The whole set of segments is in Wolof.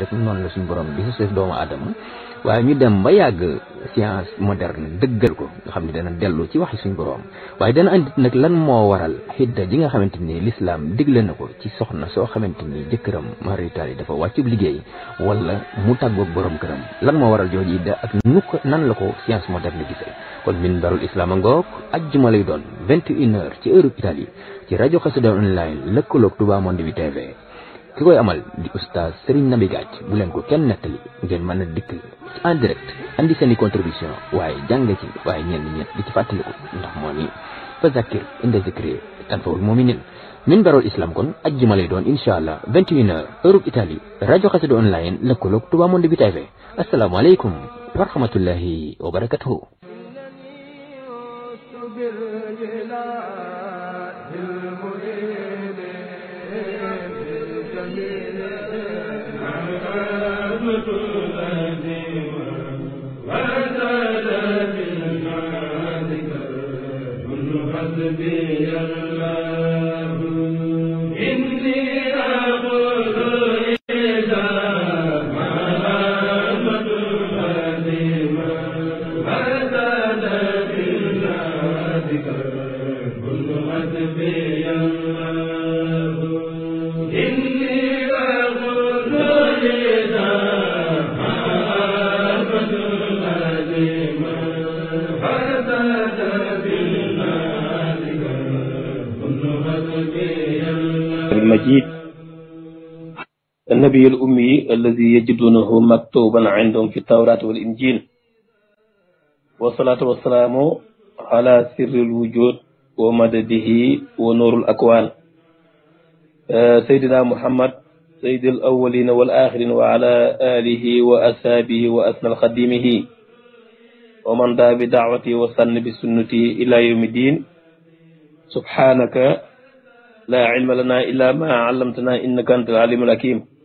rek noonu la suñu borom bi suuf doomu aadama waaye ñu dem ba yàgg science moderne dëggal ko nga xam ne dana dellu ci waxi suñu borom waaye dana indi nag lan moo waral xidda ji nga xamante ni lislaam digle na ko ci soxna soo xamante ni jëkkëram marital yi dafa wàccub liggéey wala mu tàggoog borom këram lan moo waral ji idda ak nukk nan la ko science moderne gisee kon minbarul islam a ngoog ajjuma lay doon vingt et une heures ci heure Italie ci rajo Xassida online lëkkaloog Touba Monde bi TV ki koy amal di oustaz Serigne Namby Gadj bu leen ko kenn nettali ngeen mën a dikk en direct andi seen contribution waaye jàng ci waaye ñenn ñett di ci fàttaliku ndax moo ni fa zakir inda zikri tanfawul muminin min barol islam kon ajjuma doon incha allah 21h heure Italie rajo Xassida online lëkkaloog Touba Monde bi TV asalaamaaleykum wa rahmatullahi wa barakatuhu النبي الأمي الذي يجدونه مكتوبا عندهم في التوراة والإنجيل والصلاة والسلام على سر الوجود ومدده ونور الأكوان آه، سيدنا محمد سيد الأولين والآخرين وعلى آله وأسابه وأسنى الخديمه ومن دعا بدعوته وسن بسنته إلى يوم الدين سبحانك لا علم لنا إلا ما علمتنا إنك أنت العليم الحكيم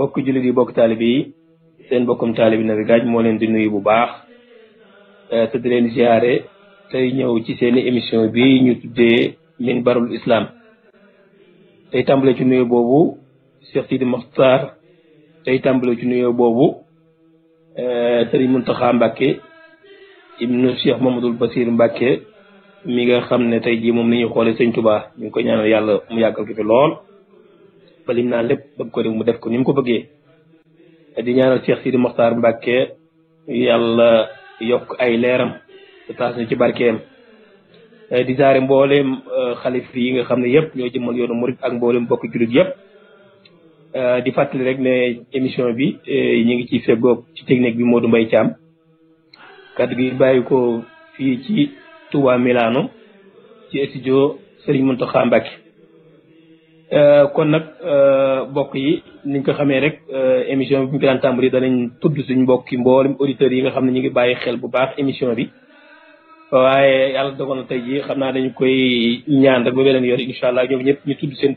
bokk jullit yi bokk taalibe yi seen bokkum taalibe Nafi Gadj moo leen di nuyu bu baax eh, te leen ziare tey ñëw ci seeni émission bi ñu tuddee minbarul islam tey tàmbale ci nuyu boobu Cheikh Sidi Mokhtar tey tàmbale ci nuyu boobu eh, Serigne Mountakha Mbacké ibnu Cheikh Mamadou Bassir Mbacké mi nga xam ne tey jii moom la ñuy xoolee Sëñ Touba ñu ngi koy ñaan yàlla mu yàggal ko fi lool. ba lim lépp bëgg ko def mu def ko ni mu ko bëggee di ñaanal Cheikh Sidi Mokhtar Mbacke yàlla yokk ay leeram te taas ñu ci barkeem di jaare mbooleem euh, xalif yi nga xam ne yëpp ñoo jëmmal yoonu murit ak mbooleem bokk jullit yëpp euh, di fàttali rek ne émission bi euh, ñu ngi ci feggoog ci technique bi Modou Mbaye Thiam kaddu gi bàyyi ko fii ci Touba Milano ci studio Serigne Mountakha Mbacké Euh, kon nag euh, mbokk yi niñ ko xamee rek euh, émission bi ñu ko daan tàmbali danañ tudd suñ mbokki mboolem auditeurs yi nga xam ne ñu ngi bàyyi xel bu baax émission bi waaye yàlla dogal na tey jii xam naa dañu koy ñaan rek ba beneen yoon incha allah ñoom ñëpp ñu tudd seen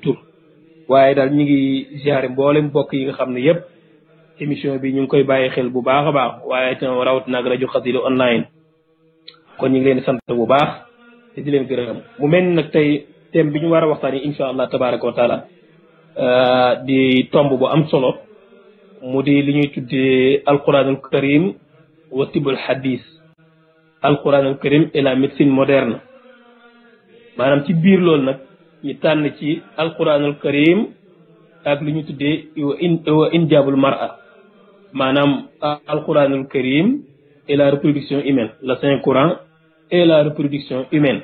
waaye daal ñu ngi ziare mboolem mbokk yi nga xam ne yëpp émission bi ñu ngi koy bàyyi xel bu baax a baax waaye itam rawat nag rajo Xassida online kon ñu ngi leen di sant bu baax te di leen gërëm mu mel nag tey thème bi ñu war a waxtaanee incha allah tabaraka wa taala euh, di tomb bu am solo mu di li ñuy tuddee alquranul karim wa tibul hadis alquranul karim et la médecine moderne maanaam ci biir loolu nag ñu tànn ci alquranul karim ak lu ñu tuddee wa in wa injaabul mar'a maanaam alquranul karim et la reproduction humaine la Saint courant et la reproduction humaine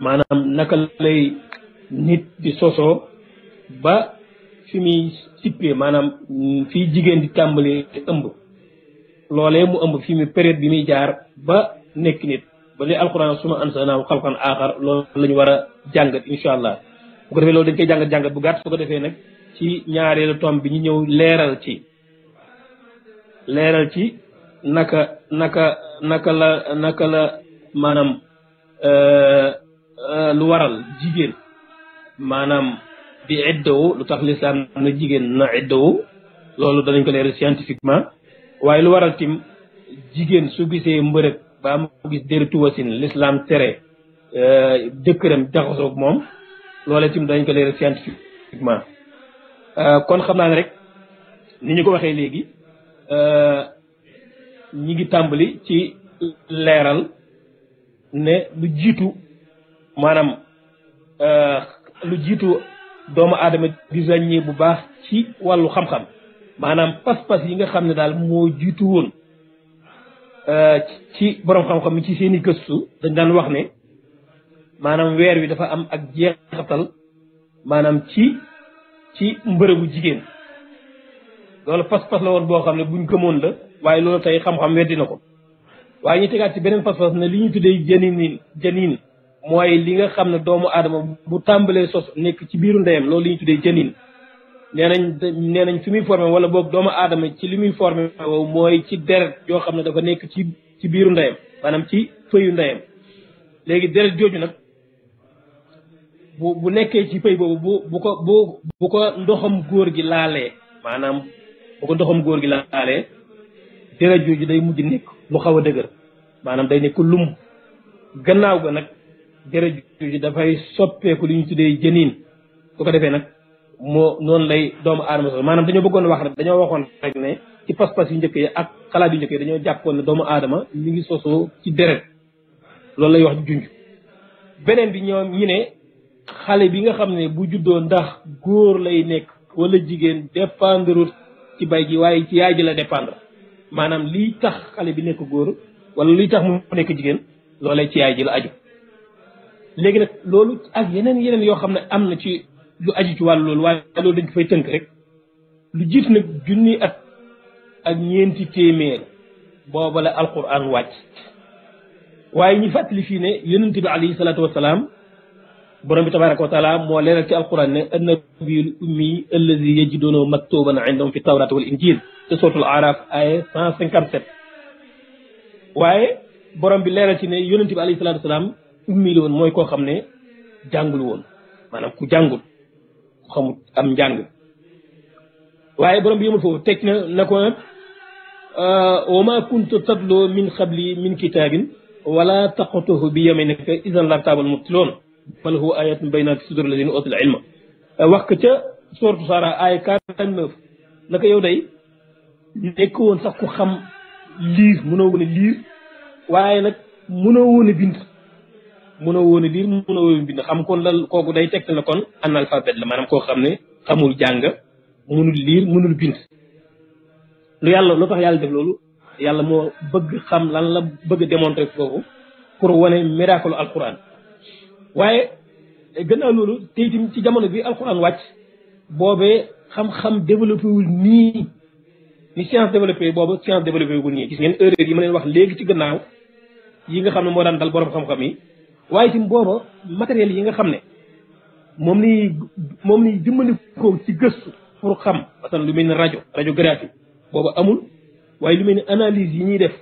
maanaam naka lay nit di sosoo ba fi muy sippee maanaam fii jigéen di tàmbalee ëmb loolee mu ëmb fi mu période bi muy jaar ba nekk nit ba li alquran suma ansanaahu xalqan aaxar loolu la ñu war a jàngat incha allah bu ko defee loolu dañ koy jàngat jàngat bu gàtt su ko defee nag ci ñaareelu tomb bi ñu ñëw leeral ci leeral ci naka naka naka la naka la maanaam euh, Euh, lu waral jigéen maanaam di iddawu lu tax lislaam na jigéen na iddawu loolu danañ ko leer scientifiquement waaye lu waral tim jigéen su gisee mbërëg baa mu gis dëretu wasin lislaam tere euh, jëkkëram jaxasoog moom loolee tim danañ ko leer scientifiquement euh, kon xam naa ne rek ni ñu ko waxee léegi ñi ngi tàmbali ci leeral ne lu jiitu maanaam euh, lu jiitu doomu aadama di bu baax ci wàllu xam-xam maanaam pas-pas yi nga xam ne daal moo jiitu woon euh, ci boroom xam-xam ci seeni gëstu dañ daan wax ne maanaam weer wi dafa am ak jeexatal maanaam ci ci mbërëbu jigéen loolu pas-pas la woon boo xam ne buñ gëmoon la waaye loolu tey xam-xam weddi na ko waaye ñu tegaat ci beneen pas-pas ne li ñu tuddee janiin janiin mooy li nga xam ne doomu aadama bu tàmbalee sos nekk ci biiru ndeyam loolu li ñu tuddee jënin nee nañ nee nañ fi muy formé wala boog doomu aadama ci li muy formé wow mooy ci deret yoo xam ne dafa nekk ci ci biiru ndeyam maanaam ci fëyu ndeyam léegi deret jooju nag bu bu nekkee ci fëy boobu bu bu ko bu bu ko ndoxam góor gi laalee maanaam bu ko ndoxam góor gi laalee deret jooju day mujj nekk lu xaw a dëgër maanaam day nekk lum gannaaw ga nag deret ji dafay soppe ko ñu tuddee jëniin ko ko defee nak mo non lay doomu aadama so manam dañu bëggoon wax rek dañoo waxoon rek né ci pass pass yu ñëkke ak xalaat yu njëkk yi dañoo jàppoon ne doomu aadama mi ngi soso ci deret lool lay wax juñju benen bi ñoom ñi né xalé bi nga xamné bu juddoo ndax goor lay nekk wala jigen dépendre ci bay gi waye ci yaaji la dépendre manam li tax xalé bi nekk goor wala li tax mu nekk jigen lolé ci yaaji la aju léegi nag loolu ak yeneen yeneen yoo xam ne am na ci lu aju ci wàllu loolu waaye loolu dañ ko fay tënk rek lu jiit nag junni at ak ñeenti téeméer booba la alquran wàcc waaye ñu fàttali fii ne yonente bi alayhi salaatu wasalaam borom bi tabaraka wa taala moo leeral ci alquran ne annabiyul ummi allazi yajidunahu maktuban indahum fi tawrat wal injil te sootul araf ay cent cinquante sept waaye borom bi leeral ci ne yonente bi alayhi salaatu wasalaam ummi won moy ko xamne jàngul won manam ku jàngul ku xamut am jangul waye borom bi yëmul fofu tek na nako euh wa ma kuntu tadlu min khabli min kitabin wala taqatuhu bi yaminika idhan la lartaabal mutlun bal huwa ayatun bayna sudur suduri utul ilma wax ka ca sortu sara ay 49 naka yow day nek won sax ku xam lire mënoo woon a liir waaye nag mënoo woon mun a woon a liir mun a bind xam kon lan kooku day tegtal ne kon analphabète la maanaam koo xam ne xamul jàng munul liir munul bind lu yàlla lu tax yàlla def loolu yàlla moo bëgg xam lan la bëgg a foofu pour wane miracle alquran waaye gannaaw loolu te itam ci jamono bi alquran wàcc boobee xam-xam développé wul nii ni science développé boobu science développé wul nii gis ngeen erreur yi ma leen wax léegi ci gannaaw yi nga xam ne moo daan dal borom xam yi waaye itam booba matériel yi nga xam ne moom lay moom lay jëmmandikoo ci gëstu pour xam masalan lu mel ni rajo radiographie booba amul waaye lu mel ni analyse yi ñuy def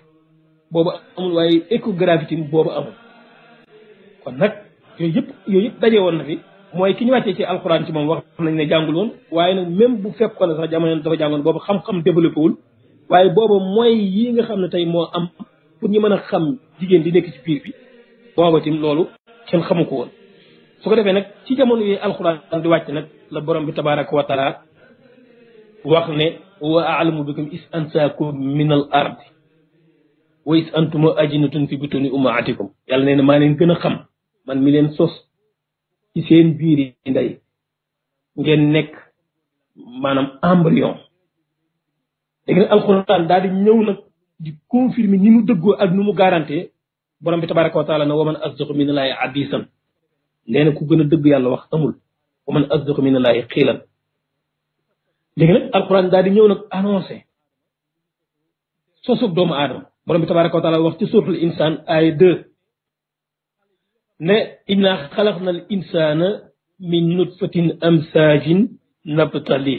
booba amul waaye échographie itam booba amul kon nag yooyu yëpp yooyu yëpp daje woon na fi mooy ki ñu wàccee ci alxuraan ci moom wax nañ ne jàngul woon waaye nag même bu fekkoon ne sax jamono dafa jàngoon boobu xam-xam développé wul waaye booba mooy yi nga xam ne tey moo am pour ñu mën a xam jigéen di nekk ci biir bi booba tim loolu kenn xamu ko su ko defee nag ci jamono yi alxuraan di wàcc nag la borom bi tabaraka wa wax ne wa alamu bikum is ansaakum min al ardi wa is antuma ajinatun fi butuni ummahatikum yàlla nee na maa leen gën a xam man mi leen sos ci seen biir yi ndey ngeen nekk maanaam embryon léegi nag alxuraan daal ñëw nag di confirmer ni mu dëggoo ak nu mu garanté borom bi tabaaraku taala ne waman asdaqu min allahi hadisan neena ku gëna dëgg yàlla wax amul waman asdaqu min allahi xiilan léegi nag alquran daal di ñëw nag annoncé sosub doomu aadama borom bi tabaaraku taala wax ci suratul insaan ay deux ne inna khalaqna al insana min nutfatin amsaajin nabtali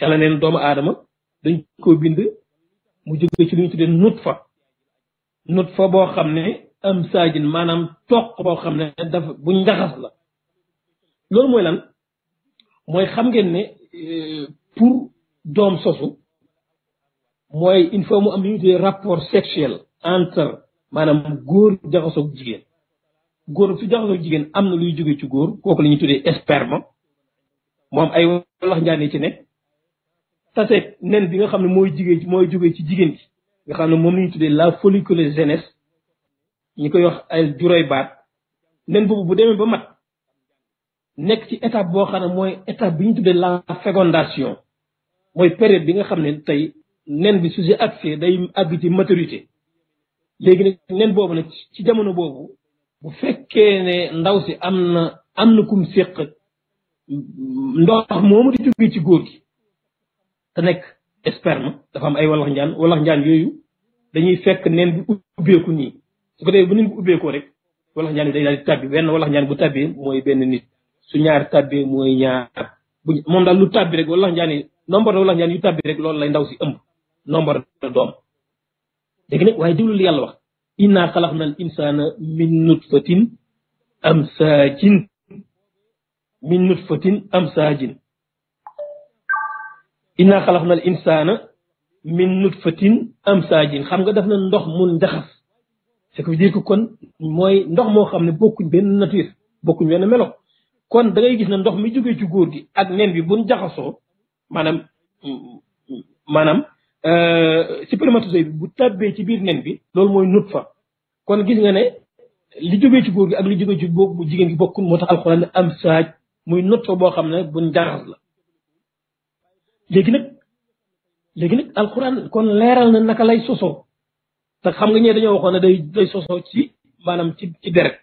yàlla neen doomu aadama dañ ko bind mu jóge ci lu ñu tuddee nutfa nut fa boo xam ne am saajin maanaam toq boo xam ne dafa bu njaxas la loolu mooy lan mooy xam ngeen ne euh, pour doom sosu mooy il faut mu am unité rapport sexuel entre maanaam góor jaxasoog jigéen góor su jaxasoog jigéen am na luy jóge ci góor kooku la ñuy tuddee sperme moom ay walax njaanee ci ne tase nen bi nga xam ne mooy jigéen mooy jóge ci jigéen ci nga xam ne moom la ñu tuddee la follicule jeunesse ñi koy wax ay juróoy baat nen boobu bu demee ba mat nekk ci étape boo xam ne mooy étape bi ñu tuddee la fécondation mooy période bi nga xam ne tey nen bi su si agsee day àgg ci maturité léegi nag nen boobu nag ci jamono boobu bu fekkee ne ndaw si am na am na kum séq ndox moomu di jógee ci góor gi te nekk Esperma, dafa am ay walax njaan walax njaan yoyu dañuy fekk neen ubbe ko ni su ko bu neen ubbe ko rek walax njaan day dal tabbi ben walax njaan bu tabbi moy ben nit su ñaar tabbi moy ñaar mom dal lu tabbi rek walax njaan yi walax njaan yu tabbi rek lool lay ndaw ci ëmb nombre doom dégg nag way diwlu yalla wax inna insana min nutfatin amsaajin min nutfatin amsaajin inna xalaqna al insana min nutfatin amsajin xam nga def na ndox mun jaxas ce qui veut dire que kon mooy ndox moo xam ne bokkuñ benn nature bokkuñ benn melo kon da ngay gis ne ndox mi jógee ci góor gi ak nen bi buñ jaxasoo maanaam maanaam spermatozoïde bi bu tàbbee ci biir nen bi loolu mooy nut fa kon gis nga ne li jógee ci góor gi ak li jógee ci boobu jigéen gi bokkul moo tax alxuraan am saaj muy nut fa boo xam ne buñ jaxas la léegi nag léegi nag alxuraan kon leeral na naka lay soso te xam nga ñee dañoo waxoon ne day day sosoo ci maanaam ci ci deret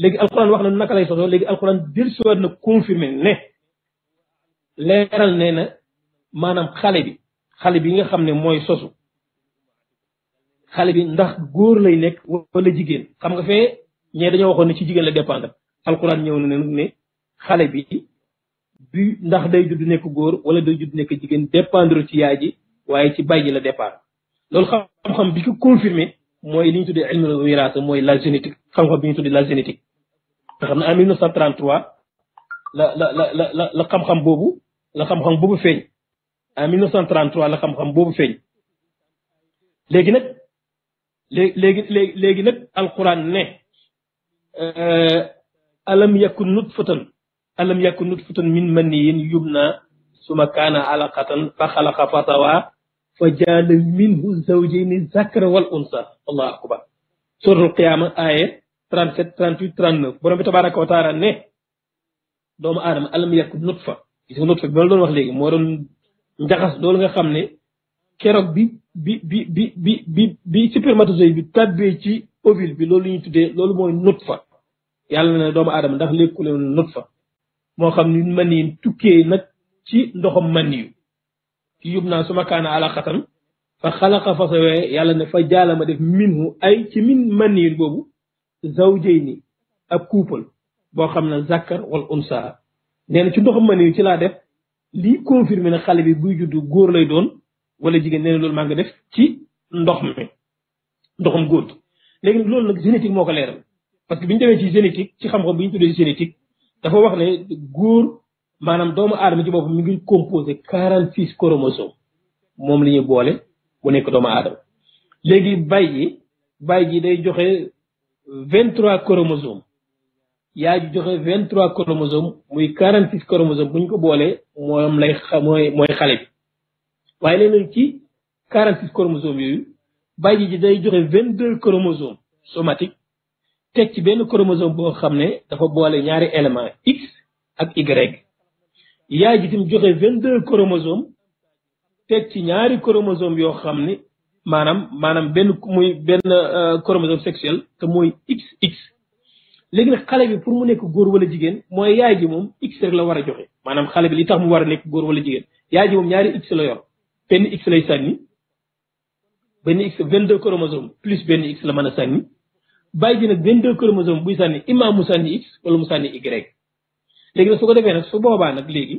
léegi alxuraan wax na naka lay sosoo léegi alxuraan dellusiwaat na confirmé ne leeral nee na maanaam xale bi xale bi nga xam ne mooy sosu xale bi ndax góor lay nekk wala jigéen xam nga fee ñee dañoo waxoon ne ci jigéen la dépendre alxuraan ñëw na ne xale bi bi ndax day judd nekk góor wala day judd nekk jigéen dépendre ci yaay ji waaye ci bàyyi la dépendre loolu xam-xam bi ko confirmé mooy li ñu tuddee ilmul wiraasa mooy la génétique xam bi ñu tuddee la génétique nga xam ne en 1933 la la la la la xam-xam boobu la xam-xam boobu feeñ en 1933 la xam-xam boobu feeñ léegi nag léegi léegi léegi nag alquran ne euh, alam yakun nutfatan ألم يكن نطفة من مني يبنى ثم كان علقة فخلق فطوى فجعل منه الزوجين الذكر والأنثى الله أكبر سورة القيامة آية 37 38 39 borom tabaraka wa taala ne doomu aadama alam yakk nutfa gis nga nutfa bi ma la doon wax léegi moo doon njaxas loolu nga xam ne keroog bi bi bi bi bi bi bi supermatozoïde bi tàbbee ci ovule bi loolu ñu tuddee loolu mooy nutfa yàlla ne doomu aadama ndax lékkuleen nutfa mo xam ni maniin tukkee nag ci ndoxam maniyu ci yub naa suma kaana alaqatan fa xalaqa fasawee yàlla ne fa jala ma def minhu ay ci min manin bobu zawjaini ab couple bo xamna zakar wal unsa neena ci ndoxam maniyu ci la def li confirmer na xale bi buy judd góor lay don wala jigen neena lol ma nga def ci ndox mi ndoxam góor gi lol nak génétique moko leral parce que buñu ñu ci génétique ci xam-xam buñu tuddé tuddee génétique dafa wax ne góor maanaam doomu aadama ci boppam mi ngi composé quarante six chromosomes moom li ñuy boole bu nekk doomu aadama léegi bay ji bay ji day joxe vingt trois chromosomes yaa ji joxe vingt trois chromosomes muy quarante six chromosomes bu ñu ko boolee moom mooy mooy xale waaye léeg-léeg ci quarante six chromosomes yooyu bay ji day joxe vingt deux chromosomes somatiques teg ci benn chromosome boo xam ne dafa boole ñaari élément x ak y yaay ji tam joxe vingt deux chromosomes teg ci ñaari chromosomes yoo xam ne maanaam maanaam benn muy benn euh, chromosome sexuel te mooy xx léegi nag xale bi pour mu nekk góor wala jigéen mooy yaay ji moom x rek la war a joxe maanaam xale bi li tax mu war a nekk góor wala jigéen yaay ji moom ñaari x la yor benn x lay sànni benn x vingt deux chromosomes plus benn x la mën a sànni bàyyi ji nag benn vingt-deux chromosomes buy sànni imam mu sànni x wala mu sànni y léegi nag su ko defee nag su boobaa nag léegi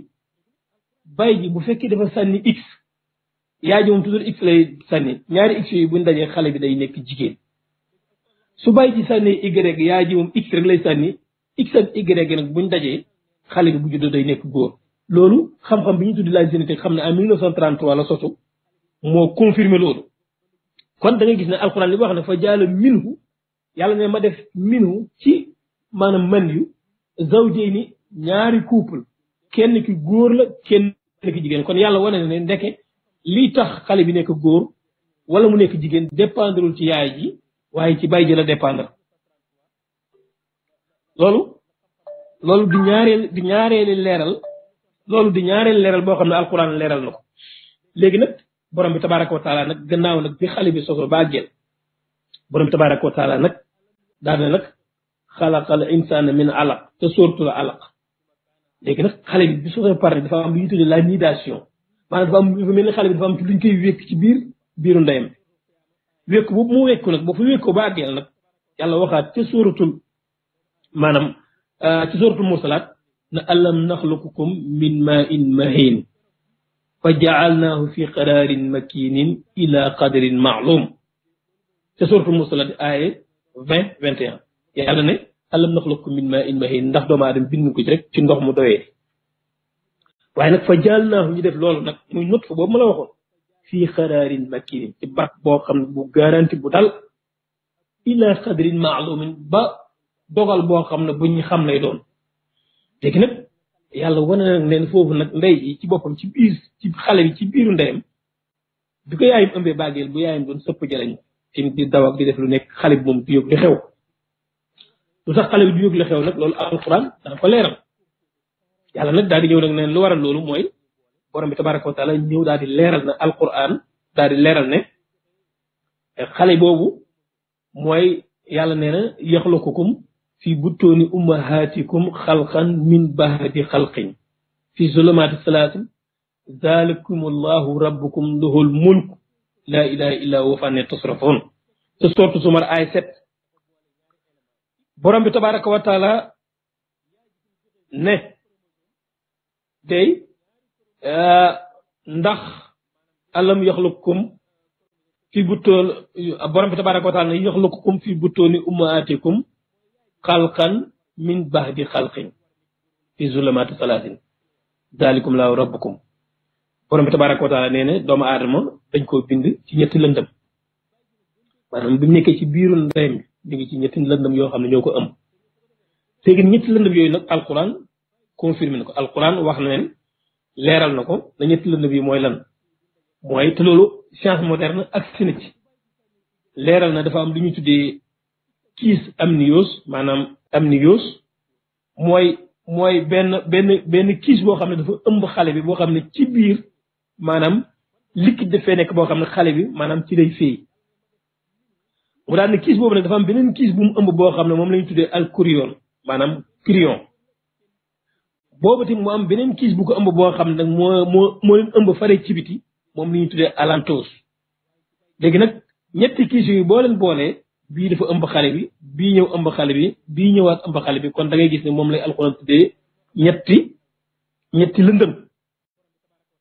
bàyyi ji bu fekkee dafa sànni x yaay ji moom x lay sànni ñaari x yooyu buñ dajee xale bi day nekk jigéen su bàyyi ji sànni y yaay ji moom x lay sànni x ak nag buñ dajee xale bi bu juddoo day nekk góor loolu xam-xam bi ñu tuddi la génétique xam ne en 1933 la sosu moo confirmé loolu kon da gis ne alxuraan li wax ne fa jaala minhu yàlla ne ma def minu ci maanaam man yu zawjayni ñaari couple kenn ki góor la kenn ki jigéen kon yàlla wone ne ndeke lii tax xale bi nekk góor wala mu nekk jigéen dépendrul ci yaay ji waaye ci bay ji la dépendre loolu loolu di ñaareel di ñaareeli leeral loolu di ñaareel leeral boo xam ne alquran leeral na ko léegi nag borom bi tabaraka wa taala nag gannaaw nag bi xale bi soso baa jël borom bi tabaraka wa taala daane nag xalaqal insaana min alaq te sóortu la alaq léegi nag xale bi bu soxee pare dafa am lu ñuy tuddee la nidation maanaam dafa am dafa mel ni xale bi dafa am lu ñu koy wékk ci biir biiru ndeyam bi wékku boobu mu wékku nag boo fa wékkoo ba àggeel nag yàlla waxaat ca sóoratul maanaam ci sóoratul mursalaat na alam naxluqukum min maa in mahin fa jaalnaahu fi qararin makinin ila qadarin maalum ca sóoratul mursalaat aaye 20 21 yàlla ne alam naxluqkum min maa in mahin ndax doomu aadama bind ko ci rek ci ndox mu doyee waaye nag fa jaal naahu ñu def loolu nag muy nut fa boobu ma la waxoon fii xaraarin makiin ci bat boo xam ne bu garanti bu dal ila qadrin maalumin ba dogal boo xam ne bu ñu xam lay doon léegi nag yàlla wane na leen foofu nag ndey ji ci boppam ci biir ci xale bi ci biiru ndeyam bi ko yaayam ëmbee bàggeel bu yaayam doon sëpp jëlañu tim di daw ak di def lu nekk xale bi moom du yëg li xew lu tax xale bi du yëg li xew nag loolu alquran dana ko leeral yàlla nag daal di ñëw nag neen lu waral loolu mooy borom bi tabaraka wa taala ñëw daal di leeral na alquran daal di leeral ne xale boobu mooy yàlla nee na yaxluqukum fi butooni ummahatikum xalqan min baadi xalqin fi zulumaati salaatin ذلكم الله ربكم له الملك لا إله إلا هو فأنا تصرفون سورة زمر آية 7 برام بتبارك وتعالى نه دي ندخ ألم يخلقكم في بطول برام بتبارك وتعالى يخلقكم في بطول أمهاتكم خلقا من بعد خلق في ظلمات ثلاثين ذلكم لا ربكم borom bi tabaaraka wa taala nee doomu aadama dañ koo bind ci ñetti lëndëm maanaam bi mu nekkee ci biiru ndeyam mi ngi ci ñetti lëndëm yoo xam ne ñoo ko ëmb léegi ñetti lëndëm yooyu nag alquran confirmé na ko wax na leeral na ko na ñetti lëndëm yi mooy lan mooy te loolu science moderne ak sina ci leeral na dafa am lu ñu tuddee kiis amniose maanaam am amniose mooy mooy benn benn benn kiis boo xam ne dafa ëmb xale bi boo xam ne ci biir maanaam liquide dafay nekk boo xam ne xale bi maanaam ci lay féey mu daal ne kiis boobu nag dafa am beneen kiis bu mu ëmb boo xam ne moom la ñu tuddee alcurion maanaam curion boobu tamit mu am beneen kiis bu ko ëmb boo xam ne nag moo moo moo leen ëmb fare ci biti moom la ñu tuddee alantos léegi nag ñetti kiis yooyu boo leen boolee bii dafa ëmb xale bi bii ñëw ëmb xale bi bii ñëwaat ëmb xale bi kon dangay gis ne moom lay alxuraan tuddee ñetti ñetti lëndëm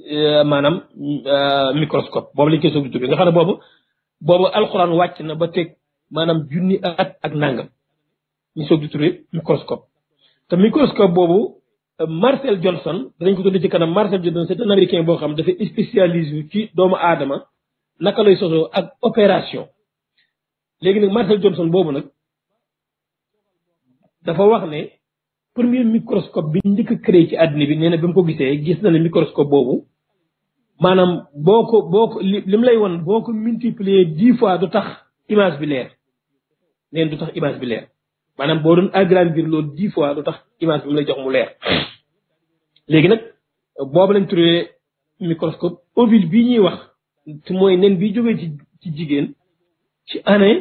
Euh, maanaam euh, microscope boobu lañ koy soog di tuddee nga xam ne boobu boobu alxuraan wàcc na ba teg maanaam junni at ak nangam ñu soog di tuddee microscope. te microscope boobu Marcel Johnson danañ ko tuddee ci kanam Marcel Johnson c'est un américain boo xam dafay spécialise wu ci doomu aadama naka lay sosoo ak opération. léegi nag Marcel Johnson boobu nag dafa wax ne. premier microscope bi njëkk a créé ci àddina bi nee na bi mu ko gisee gis na ne microscope boobu maanaam boo ko boo ko li mu lay won boo ko multiplier dix fois du tax image bi leer neen du tax image bi leer maanaam boo doon agrandir loolu dix fois du tax image bi mu lay jox mu leer léegi nag boobu lañ tuddee microscope ovule bii ñuy wax mooy nen bi jógee ci ci jigéen ci année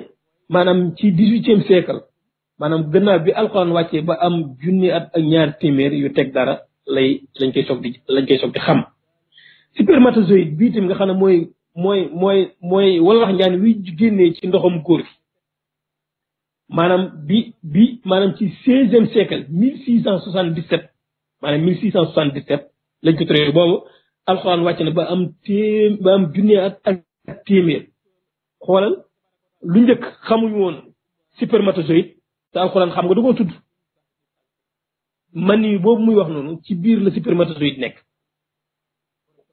maanaam ci dix-huitième siècle maanaam gannaaw bi alxuraan wàccee ba am junni at ak ñaar téeméer yu teg dara lay lañ koy soog di lañ koy soog di xam spermatozoïde bii tamit nga xam ne mooy mooy mooy mooy walax njaan wi génnee ci ndoxam góor gi maanaam bi bi maanaam ci seizième siècle mille six cent soixante dix lañ ko turee boobu alxuraan wàcc na ba am téem ba am junni at ak téeméer xoolal lu njëkk xamuñu woon spermatozoïde te alxuraan xam nga du ko tudd man yi boobu muy wax noonu ci biir la spermatozoïde nekk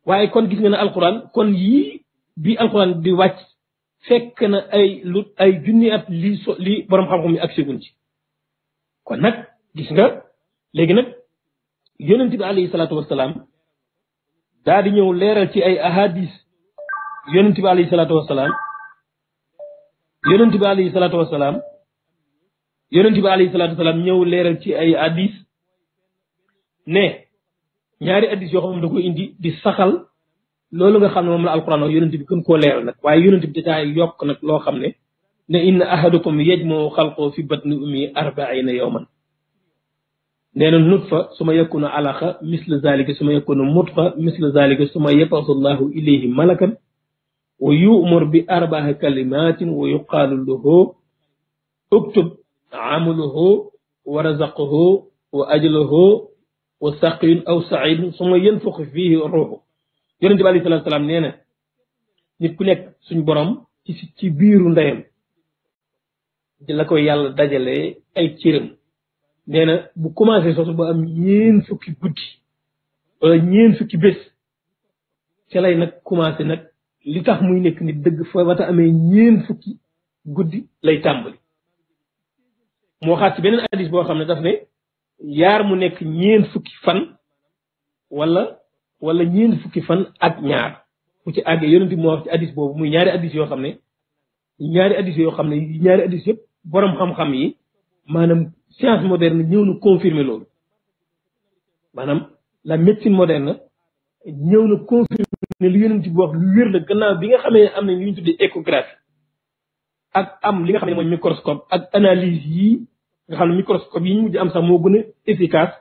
waaye kon gis nga ne alxuraan kon yii bi alxuraan di wàcc fekk na ay lu ay at lii so lii borom xam-xam yi ak seguñ ci kon nag gis nga léegi nag yonent bi alayhi salaatu wasalaam daa di ñëw leeral ci ay ahadis yonent bi alayhi salaatu wasalaam yonent bi alayhi salaatu wasalaam ñëw leeral ci ay hadis ne ñaari hadis yoo xam moom da koy indi di saxal loolu nga xam ne moom la alquran wax yonent bi gën koo leeral nag waaye yonent bi dataa yokk nag loo xam ne ne inna ahadukum yajmoo xalqoo fi batni ummi arbaina yowman nee na nutfa suma yakuna alaqa misle zalika suma yakuna mutfa misle zalika suma yabasu llahu ilayhi malakan wa yumur bi arbaa kalimatin wa yuqaalu lahu uktub amaluhu wa razaqahu wa ajluhu wa saqiyun aw saidun suma yanfuxu fiihi ruuxu yonente bi alei salaam nee nit ku nekk suñ borom ci biiru ndeyam di la koy yàlla dajale ay cëram nee na bu commencé sosu ba am ñeen fukki guddi wala ñeen fukki bés ca nag commencé nag li tax muy nekk nit dëgg fa wata amee ñeen fukki guddi lay tàmbali moo xaat ci beneen hadis boo xam ne daf ne yaar mu nekk ñeen fukki fan wala wala ñeent fukki fan ak ñaar bu ci àggee yonent bi moo wax ci hadis boobu muy ñaari hadis yoo xam ne ñaari hadis yoo xam ne ñaari borom xam-xam yi maanaam science moderne ñëw na confirmer loolu maanaam la médecine moderne ñëw na confirmer ne lu yonent bi wax lu wér la gannaaw bi nga xamee ne am nañ lu ñu tuddee échographie ak am li nga xam ne mooy microscope ak analyse yi nga xam ne microscope yi ñu mujj am sax moo gën a efficace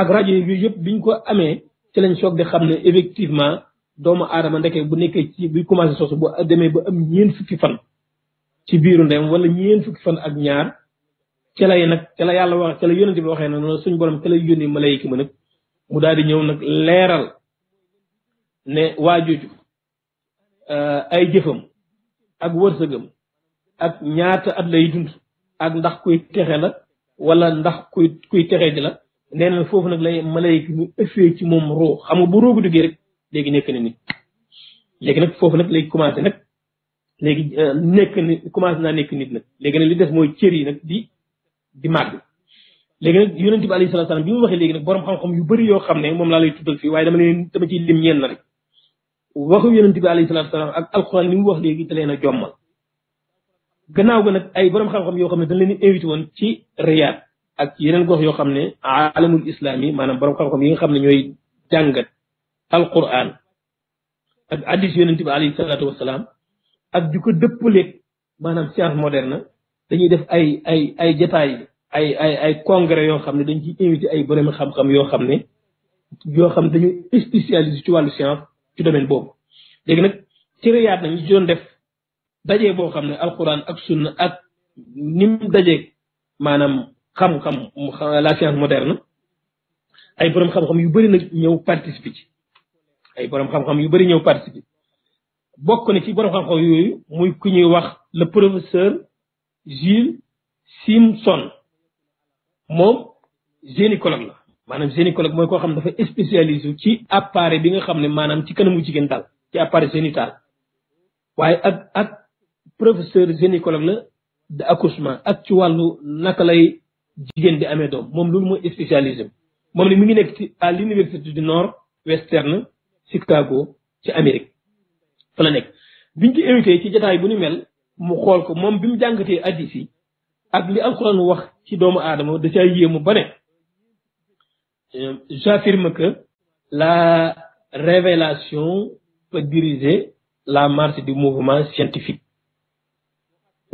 ak rajo yi yëpp biñ ko amee ci lañ soog di xam ne effectivement doomu aadama ndeke bu nekkee ci buy commencé sosu bu demee ba fan ci biiru ndem wala ñeen fukki fan ak ñaar ci lay nag ci la yàlla wax ci la yónente bi waxee noonu suñ borom ci lay yónni malayka ma nag mu daal di ñëw nag leeral ne waa jooju euh, ay jëfam ak wërsëgam ak ñaata at lay dund ak ndax kuy texe la wala ndax kuy kuy texe di la nee na foofu nag lay malayka ñu ëffee ci moom roo xam nga bu roogu duggee rek léegi nekk na nit léegi nag foofu nag lay commencé nag léegi euh, nekk ni commencé naa nekk nit nag léegi nag li def mooy cër yi nag di di màgg léegi nag yonente bi alayhi salaam bi mu waxee léegi nag borom xam-xam yu bëri yoo xam ne moom laa lay tuddal fii waaye dama leen dama ciy lim ñeen na rek waxu yonente bi alayhi salaam ak alxuraan li mu wax léegi da leen a jommal gannaaw ga nag ay borom xam-xam yoo xam ne dañ leen di invité yeneen gox yoo xam ne alamul islam yi maanaam borom xam-xam yi nga xam ne ñooy jàngat alquran ak addis yonent bi alayhi salaatu wasalaam ak di ko dëppaleeg maanaam science moderne dañuy def ay ay ay jataay ay ay ay congrès yoo xam ne dañ ciy ay borom xam yoo xam ne yoo xam ne dañu ci wàllu science ci domaine boobu léegi nag ci Riyad nag ñu doon def. daje bo xam ne alquran ak sunna ak nim daje manam xam-xam la science moderne ay borom xam-xam yu bari nak ñew participer ci ay borom xam-xam yu bari ñew participer bokku ni ci borom xam-xam yoyu muy ku ñuy wax le professeur Gilles Simpson mom gynécologue la manam gynécologue moy ko xam dafa spécialisé ci appareil bi nga xam ne maanaam ci kanamu jigen tal. ci appareil génital waye ak ak professeur gynécologue la de accouchement ak ci walu naka lay jigéen di loolu mooy spécialisé mom ni mi ngi nek ci à l'université du nord western Chicago ci Amérique fa la nek biñ ci invité ci jotaay bu ñu mel mu xol ko mom bimu mu jàngatee ak li alcorane wax ci doomu adama da caa yému bané ne euh, j'affirme que la révélation peut diriger la marche du mouvement scientifique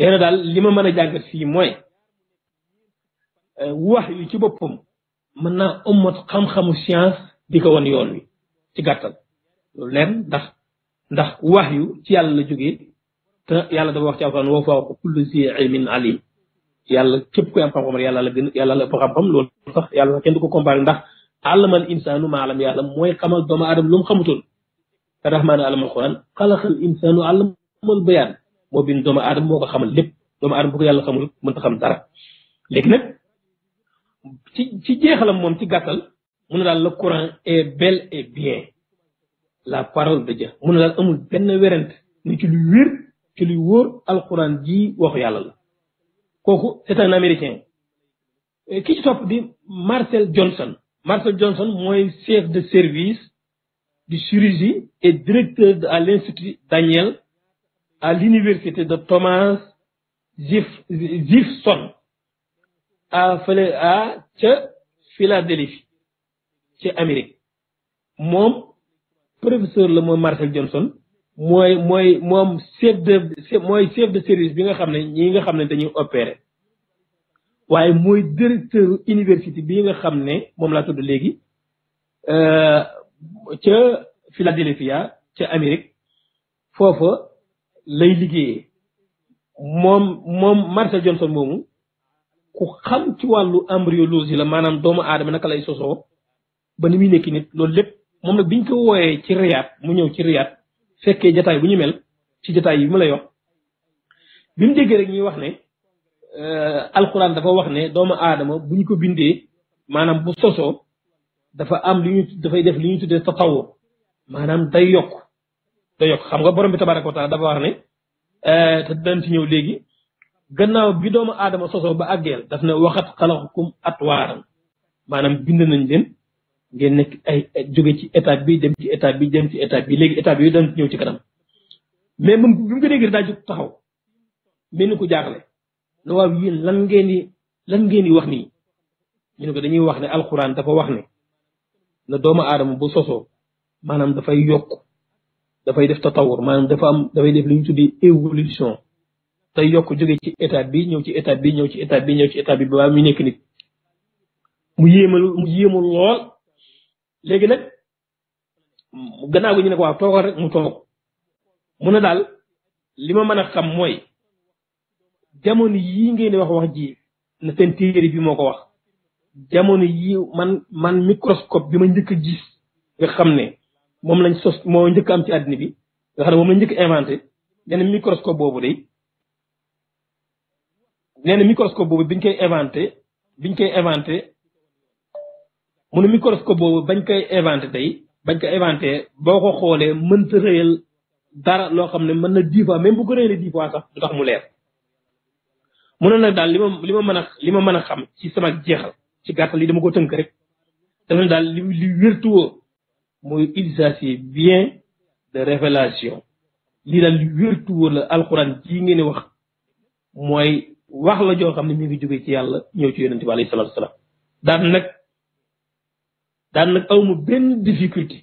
nee na daal li a jàngat fii mooy eh, wax ci boppam mën na ëmmat xam-xamu science di ko wan yoon wi ci gàttal loolu leen ndax ndax wax yu ci yàlla la jógee te yàlla dafa wax ci alxuraan wa fawqa kulli zi ilmin alim yàlla képp koy am yàlla la gën yàlla la ëpp xam-xam loolu yàlla sax kenn du ko ndax àllamal insaanu maalam yàlla mooy xamal doomu aadama lu mu xamutoon. arrahmaanu allamal quraan xalaqal insaanu allamal bayaan moo bind doomu aadama moo ko xamal lépp doomu aadama bu ko yàlla xamul ta xam dara léegi nag ci ci jeexalam moom ci gàttal mu ne daal le Coran est bel et bien la parole de Dieu mu ne daal amul benn werante ni ci lu wér ci lu wóor alquran ji waxu yàlla la kooku c'est un américain ki ci topp di Marcel Johnson Marcel Johnson mooy chef de service du chirurgie et directeur à l'institut Daniel à l'université de Thomas Jefferson à Philadelphie chez Amérique professeur Marcel Johnson moi, chef de chef de service bien nga bien directeur université bi nga Philadelphia Amérique lay liggéeyee moom moom Marcel Johnson moomu ku xam ci wàllu embryologie la maanaam doomu aadama naka lay sosoo ba ni muy nekk loolu lépp moom nag biñ ko wooyee ci Riyad mu ñëw ci Riyad fekkee jataay bu ñu mel ci jataay yi mu la wax bi mu déggee rek ñuy wax ne euh, alxuraan dafa wax ne doomu aadama bu ñu ko bindee maanaam bu sosoo dafa am lu ñu dafay def li ñu tuddee tatawo maanaam day yokk da yokk xam nga borom bi tabaraka wa taala dafa wax ne eh, te dañ ci ñëw léegi gannaaw bi doomu aadama sosoo ba àggeel daf ne waxat at atwaaran maanaam bind nañ leen ngeen nekk ay jóge ci état bi dem ci étape bi dem ci étape bi léegi étape yooyu daan ñëw ci kanam mais moom bi mu ko déggee daa jóg taxaw mel ku jaaxle ne waaw yéen lan ngeen di lan ngeen wax nii ñu ne ko dañuy wax ne alxuraan dafa wax ne na doomu aadama bu sosoo maanaam dafay yokk dafay def tatawur maanaam dafa am dafay def li ñu tuddee évolution day yokk jóge ci état bi ñëw ci état bi ñëw ci état bi ñëw ci état bi ba mu nekk nit mu yéemal mu yéemul lool léegi nag gannaaw gi ñu ne ko waaw toogal rek mu toog mu ne daal li ma mën a xam mooy jamono yii ngeen di wax wax ji na seen téere bi moo ko wax jamono yii man man microscope bi ma njëkk gis nga xam ne moom lañ sos moo njëkk am ci àddina bi nga xam ne moom lañ njëkk inventé nee na microscope boobu day nee biñ koy inventé biñ koy inventé mu ne microscope boobu bañ koy inventé day bañ ko inventé boo ko xoolee mënta rëyal dara loo xam ne mën na dix fois même bu ko rëyalee dix fois sax du tax mu leer mu ne nag daal li ma li mën a li ma mën a xam ci sama jeexal ci gàttal li dama ko tënk rek dama ne daal li mooy il s'agit bien de révélation lii daal wértu wóor la alxuraan jii ngeen wax mooy wax la joo xam ne mi ngi jóge ci yàlla ñëw ci yonente bi alayhi salaatu salaam daan nag daan nag awmu benn difficulté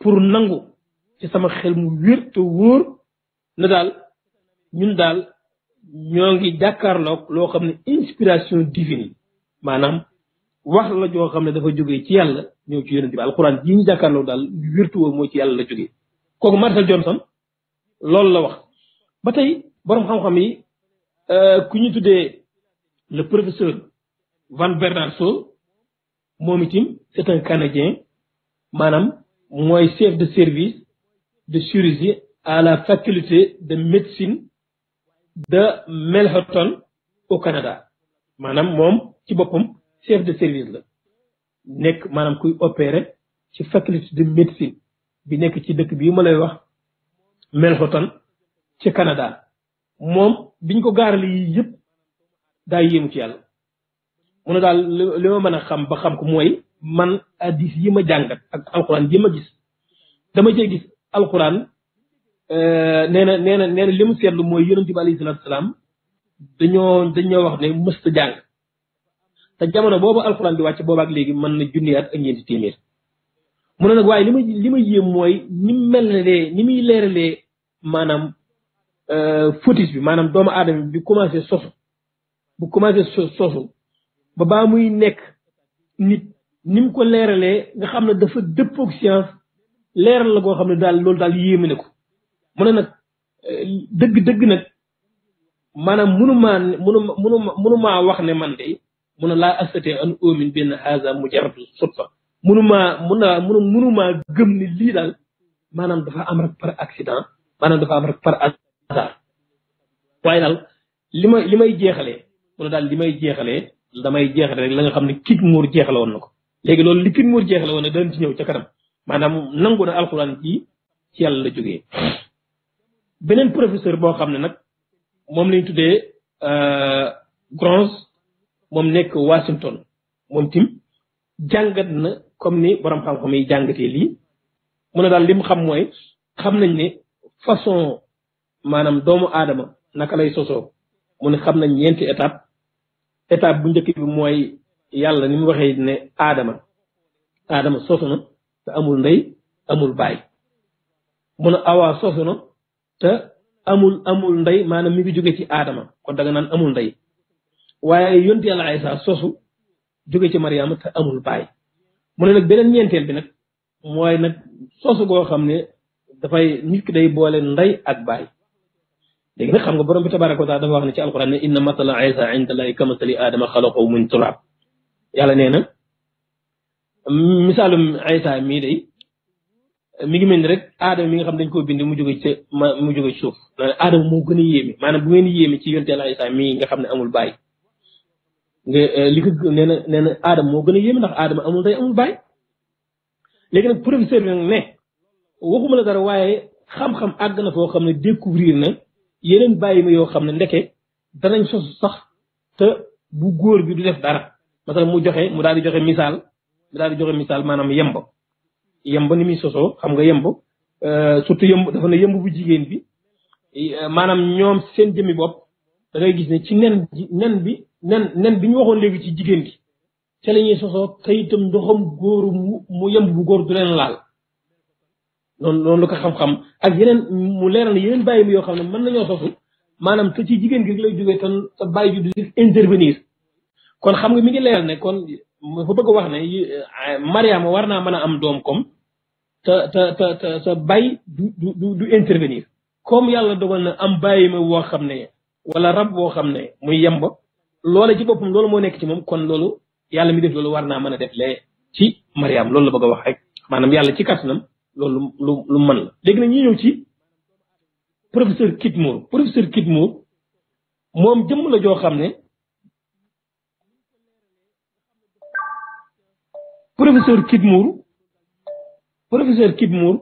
pour nangu ci sama xel mu wér wóor na daal ñun daal ñoo ngi jàkkaarloog loo xam ne inspiration divine maanaam wax la joo xam ne dafa jógee ci yàlla ñëw ci yonent bi alxuraan ji ñu jàkkaarloo daal wértu woo mooy ci yàlla la jógee kooku Marcel Johnson loolu la wax ba tey boroom xam-xam yi euh, ku ñu tuddee le professeur Van bernardso Shaw moom itam c'est un Canadien maanaam mooy chef de service de chirurgie à la faculté de médecine de melhoton au Canada maanaam moom ci boppam chef de service la nekk maanaam kuy opérer ci faculté de médecine bi nekk ci dëkk bii ma lay wax Manhattan ci Canada moom biñ ko gaarale yii yëpp daa yéemu ki yàlla mu ne daal li ma mën a xam ba xam ko mooy man addis yi ma jàngat ak alxuraan yi ma gis dama cee gis alxuraan euh, nee na li mu seetlu mooy yonent bi alayhi salaatu salaam dañoo dañoo wax ne mësta jàng te jamono boobu alxuraan di wàcc ak léegi mën na junni ak ñeenti téeméer mu ne nag waaye li ma li ma yéem mooy ni mel melalee ni muy leeralee maanaam euh, fotis bi maanaam doomu aadama bi bi commencé sosu bu commencé sosu ba baa muy nekk nit ko leeralee nga xam ne dafa dëppoog science leeral la goo xam ne daal loolu daal yéeme ne ko mu ne nag euh, dëgg-dëgg nag maanaam munu maa munu munu wax ne man de mun a laa astatee an oomin benn haza mujarradu sutfa munumaa mun naa munu munumaa gëm ni lii daal maanaam dafa am rek par accident maanaam dafa am rek par hasard waaye daal li may li may jeexalee mun a daal li may jeexalee damay jeexale rek la nga xam ne kit muur jeexale woon na ko léegi lool li kit muur jeexale woon na danañ ci ñëw ca kanam maanaam nangu na alxuraan ci ci yàlla la jógee beneen professeur boo xam ne nag moom lañ tudde euh, Grange moom nekk Washington moom tim jàngat na comme ni borom xam-xam yi daal li mu xam mooy xam nañ ne façon maanaam doomu aadama naka lay sosoo mu xam nañ ñeenti étape étape bu njëkk bi mooy yàlla ni mu waxee ne aadama aadama sosu na amul ndey amul baay mu ne awaa sosu na te amul amul ndey maanaam mi ngi jóge ci aadama kon da naan amul ndey waaye yonti yàlla Aysa sosu jóge ci Mariama te amul baay mu ne nag beneen ñeenteel bi nag mooy nag sosu goo xam ne dafay nit ki day boole ndey ak baay léegi nag xam nga borom bi tabaraka wa taala dafa wax ne ci alquran ne inna matala Aysa inda allahi yàlla nee na misaalum Aysa mii day mi ngi mel rek aadama mi nga xam dañ koo bind mu jóge ci mu jóge ci suuf aadama moo gën a yéeme maanaam bu ngeen yéeme ci yonti yàlla Aysa mii nga xam ne amul baay Euh, li ko nee na nee na aadama moo gën a yéeme ndax aadama amul day amul bàyyi léegi nag professeur bi nag ne waxuma dara waaye xam-xam àgg na foo xam ne découvrir na yeneen bàyyi ma yoo xam ne ndeke danañ sos sax te bu góor bi du def dara masalan mu joxe mu daal di joxe misaal mu daal di joxe misaal maanaam yemb yemb ni muy sosoo xam nga yemb euh, surtout yemb dafa ne yemb bu jigéen bi euh, maanaam ñoom seen jëmmi bopp da gis ne ci nen nen bi nen nen bi ñu waxoon léegi ci jigéen gi ca la ñuy sosoo am ndoxam góoru mu yemb bu góor du leen laal noonu noonu lu ko xam-xam ak yeneen mu leeral yeneen bàyyi yoo xam ne mën nañoo sosu maanaam te ci jigéen gi rek lay jógee tan te bàyyi ju du intervenir kon xam nga mi ngi leeral ne kon fa bëgg wax ne eh, Mariama war naa mën a am doom comme te te te sa bay bàyyi du intervenir kom yàlla dogal na am bàyyi ma woo xam ne wala rab woo xam ne muy yemb loola ci boppam loolu moo nekk ci moom kon loolu yàlla mi def loolu war naa mën a def lee ci Mariam loolu la bëgg a wax rek maanaam yàlla ci kàttanam loolu lu lu mën la. léegi nag ñu ñëw ci professeur Kitmour professeur moom jëmm joo xam ne professeur Kitmour professeur Kitmour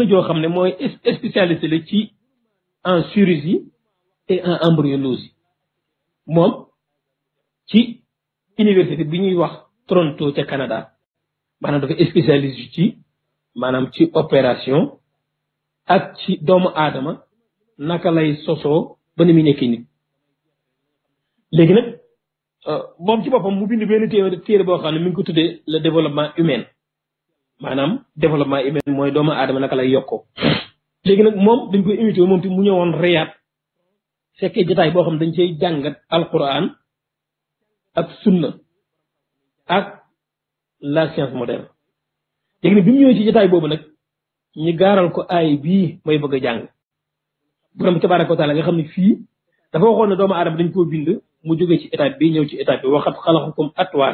la joo xam ne mooy spécialiste la ci en chirurgie et en embryologie moom ci université bi ñuy wax Toronto ca Canada maanaam dafa spécialiste ci maanaam ci opération ak ci doomu aadama naka lay sosoo ba ni muy nekkee nit léegi nag euh, moom ci boppam mu bind benn téere téere boo xam ne mi ngi ko tuddee le développement humain maanaam développement humain mooy doomu aadama naka lay yokkoo léegi nag moom dañ koy invité moom ti mu ñëwoon Riyad fekkee jotaay boo xam dañ cey jàngat alquran ak sunna ak la science moderne léegi bi ñëw ci jotaay bobu nak ñi garal ko ay bi may bëgg jang borom tabaraka wa taala nga xamni fi dafa waxon na doomu adam dañ ko bind mu jógee ci étape bi ñëw ci étape bi waxat khalaqukum atwar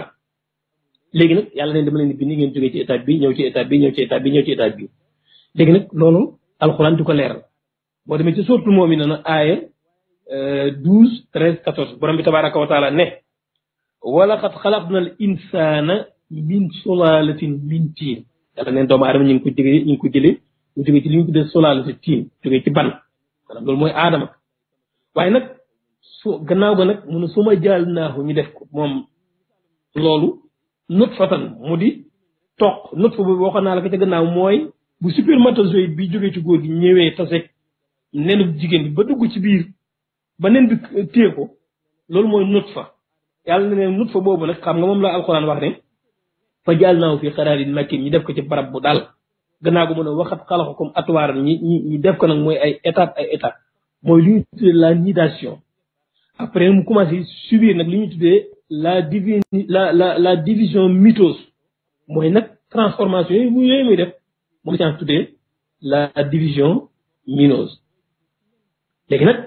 légui nak yalla neen dama leen bind ngeen jógee ci étape bi ñëw ci étape bi ñëw ci étape bi ñëw ci étape bi légui nak loolu alxuraan diko ko bo demé ci sourate mu'minuna yi 12 13 14 borom bi taala ne walaqad xalaqna al insaana min sulaalatin min tiin yàlla neen doomu aadama ñu ngi ko jëlee ñu ngi ko jëlee mu jógee ci li tiin jógee ci ban mooy aadama waaye nag su gannaaw ba nag mu ne su ma jaal naaxu ñu def ko moom loolu nut fatan mu di toq nut fa boobu waxoon la ko ca gannaaw mooy bu supermatozoïde bi jógee ci góor gi ñëwee taseeg nenu jigéen ba dugg ci biir ba nen bi téye ko loolu mooy nut fa yàlla na leen nut fa boobu nag xam nga moom la alxuraan wax ne fa jaal naaw fi xaraarin makin ñu def ko ci barab bu daal gannaaw gu mën a waxat xalaxakum atwaaran ñi ñi def ko nag mooy ay étape ay étape mooy ñu tuddee la après mu commencé nag li ñu tuddee la divi la la la division mitose mooy nag transformation yooyu mu yooyu muy def mu ngi caan la division minose léegi nag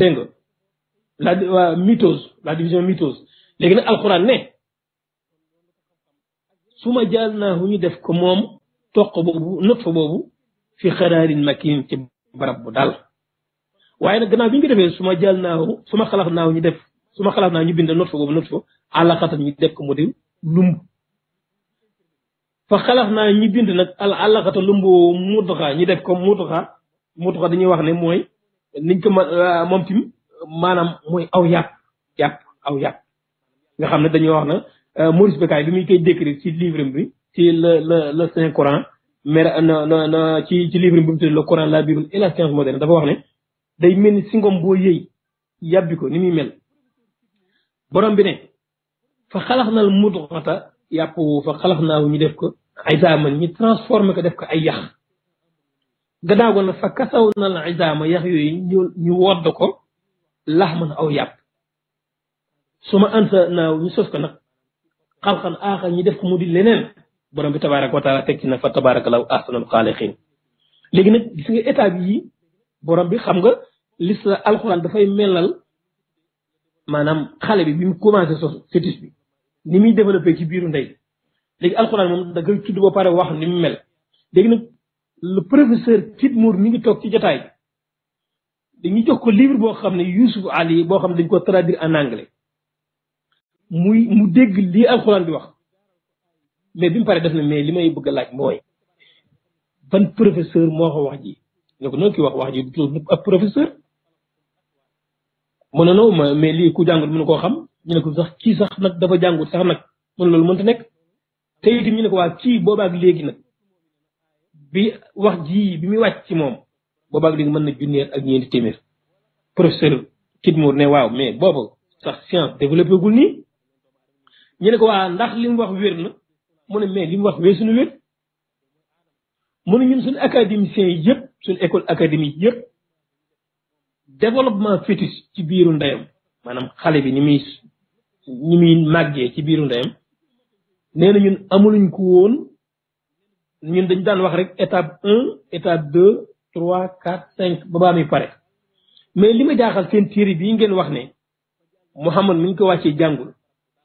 dégg nga la mitose la division mitose léegi nag alxuraan ne su ma jaal naa ñu def ko moom toq boobu nëpp fa boobu fi xaraarin makin ci barab bu daal waaye nag gannaaw bi defee suma ma jaal naaw su ma xalaat naaw ñu def suma ma xalaat naaw ñu bind not fa boobu not fa àllaxatan ñu def ko mu di lumb fa xalaat naa ñu bind nag al àllaxata lumb woowu mutuxa def ko mutuxa mutuxa dañuy wax ne mooy niñ ko ma euh, moom tim maanaam mooy aw yàpp yàpp aw yàpp nga xam ne dañuy wax na euh, Maurice kay bi muy koy décrire ci livre bi ci la la le Saint Coran mais na na na ci ci livre bi mu tudd le Coran la Bible et la science moderne dafa wax ne day mel ni singom boo yëy yàbbi ko ni muy mel borom bi ne fa xalax nal mudxata yàpp wu fa xalax naawu ñu def ko ay isaaman ñi transformé ko def ko ay yax gannaaw go fa kasaw nal isaama yax yooyu ñu ñu wodd laxman aw yàpp su ma ansa naaw ñu sos ko nag xalxan aaxar ñi def ko mu di leneen borom bi tabaaraka wa taala teg na fa tabaarakallahu ahsanul xaaliqiin léegi nag gis nga état bi yi borom bi xam nga lis la alxuraan dafay melal maanaam xale bi bi mu commencé sos fétis bi ni muy développé ci biiru ndey léegi alxuraan moom da ngay ba pare wax ni mu mel léegi nag le professeur Kidmour mi ngi toog ci jotaay dañu jox ko livre boo xam ne Yusuf Ali boo xam ne dañ ko traduire en anglais muy mu dégg lii alxuraan bi wax mais bi mu paree def na mais li may bëgg a laaj mooy ban professeur moo ko wax ji ne ko wax wax ab professeur mu ne non mais lii ku jàngut mënu ko xam ñu ne ko sax kii sax nag dafa jàngut sax nag mën loolu mënta nekk te itam ñu ne ko waa kii boobaak léegi nag bi wax ji bi muy wàcc ci moom boobaag léegi mën na junneer ak ñeenti téeméer professeur Kidmour ne waaw mais boobu sax science développé gul nii ñu ne ko waa ndax li wax wér na mu ne mais li mu wax wér nu wér mu ne ñun suñu académiciens yi yëpp suñu école académique yëpp développement fétus ci biiru ndeyam maanaam xale bi ni muy ni muy màggee ci biiru ndeyam nee na ñun amuluñ ko woon ñun dañ daan wax rek étape un étape deux trois quatre cinq ba ba mi pare mais li ma jaaxal seen bi bii ngeen wax ne Muhammad mi ngi ko wàccee jàngul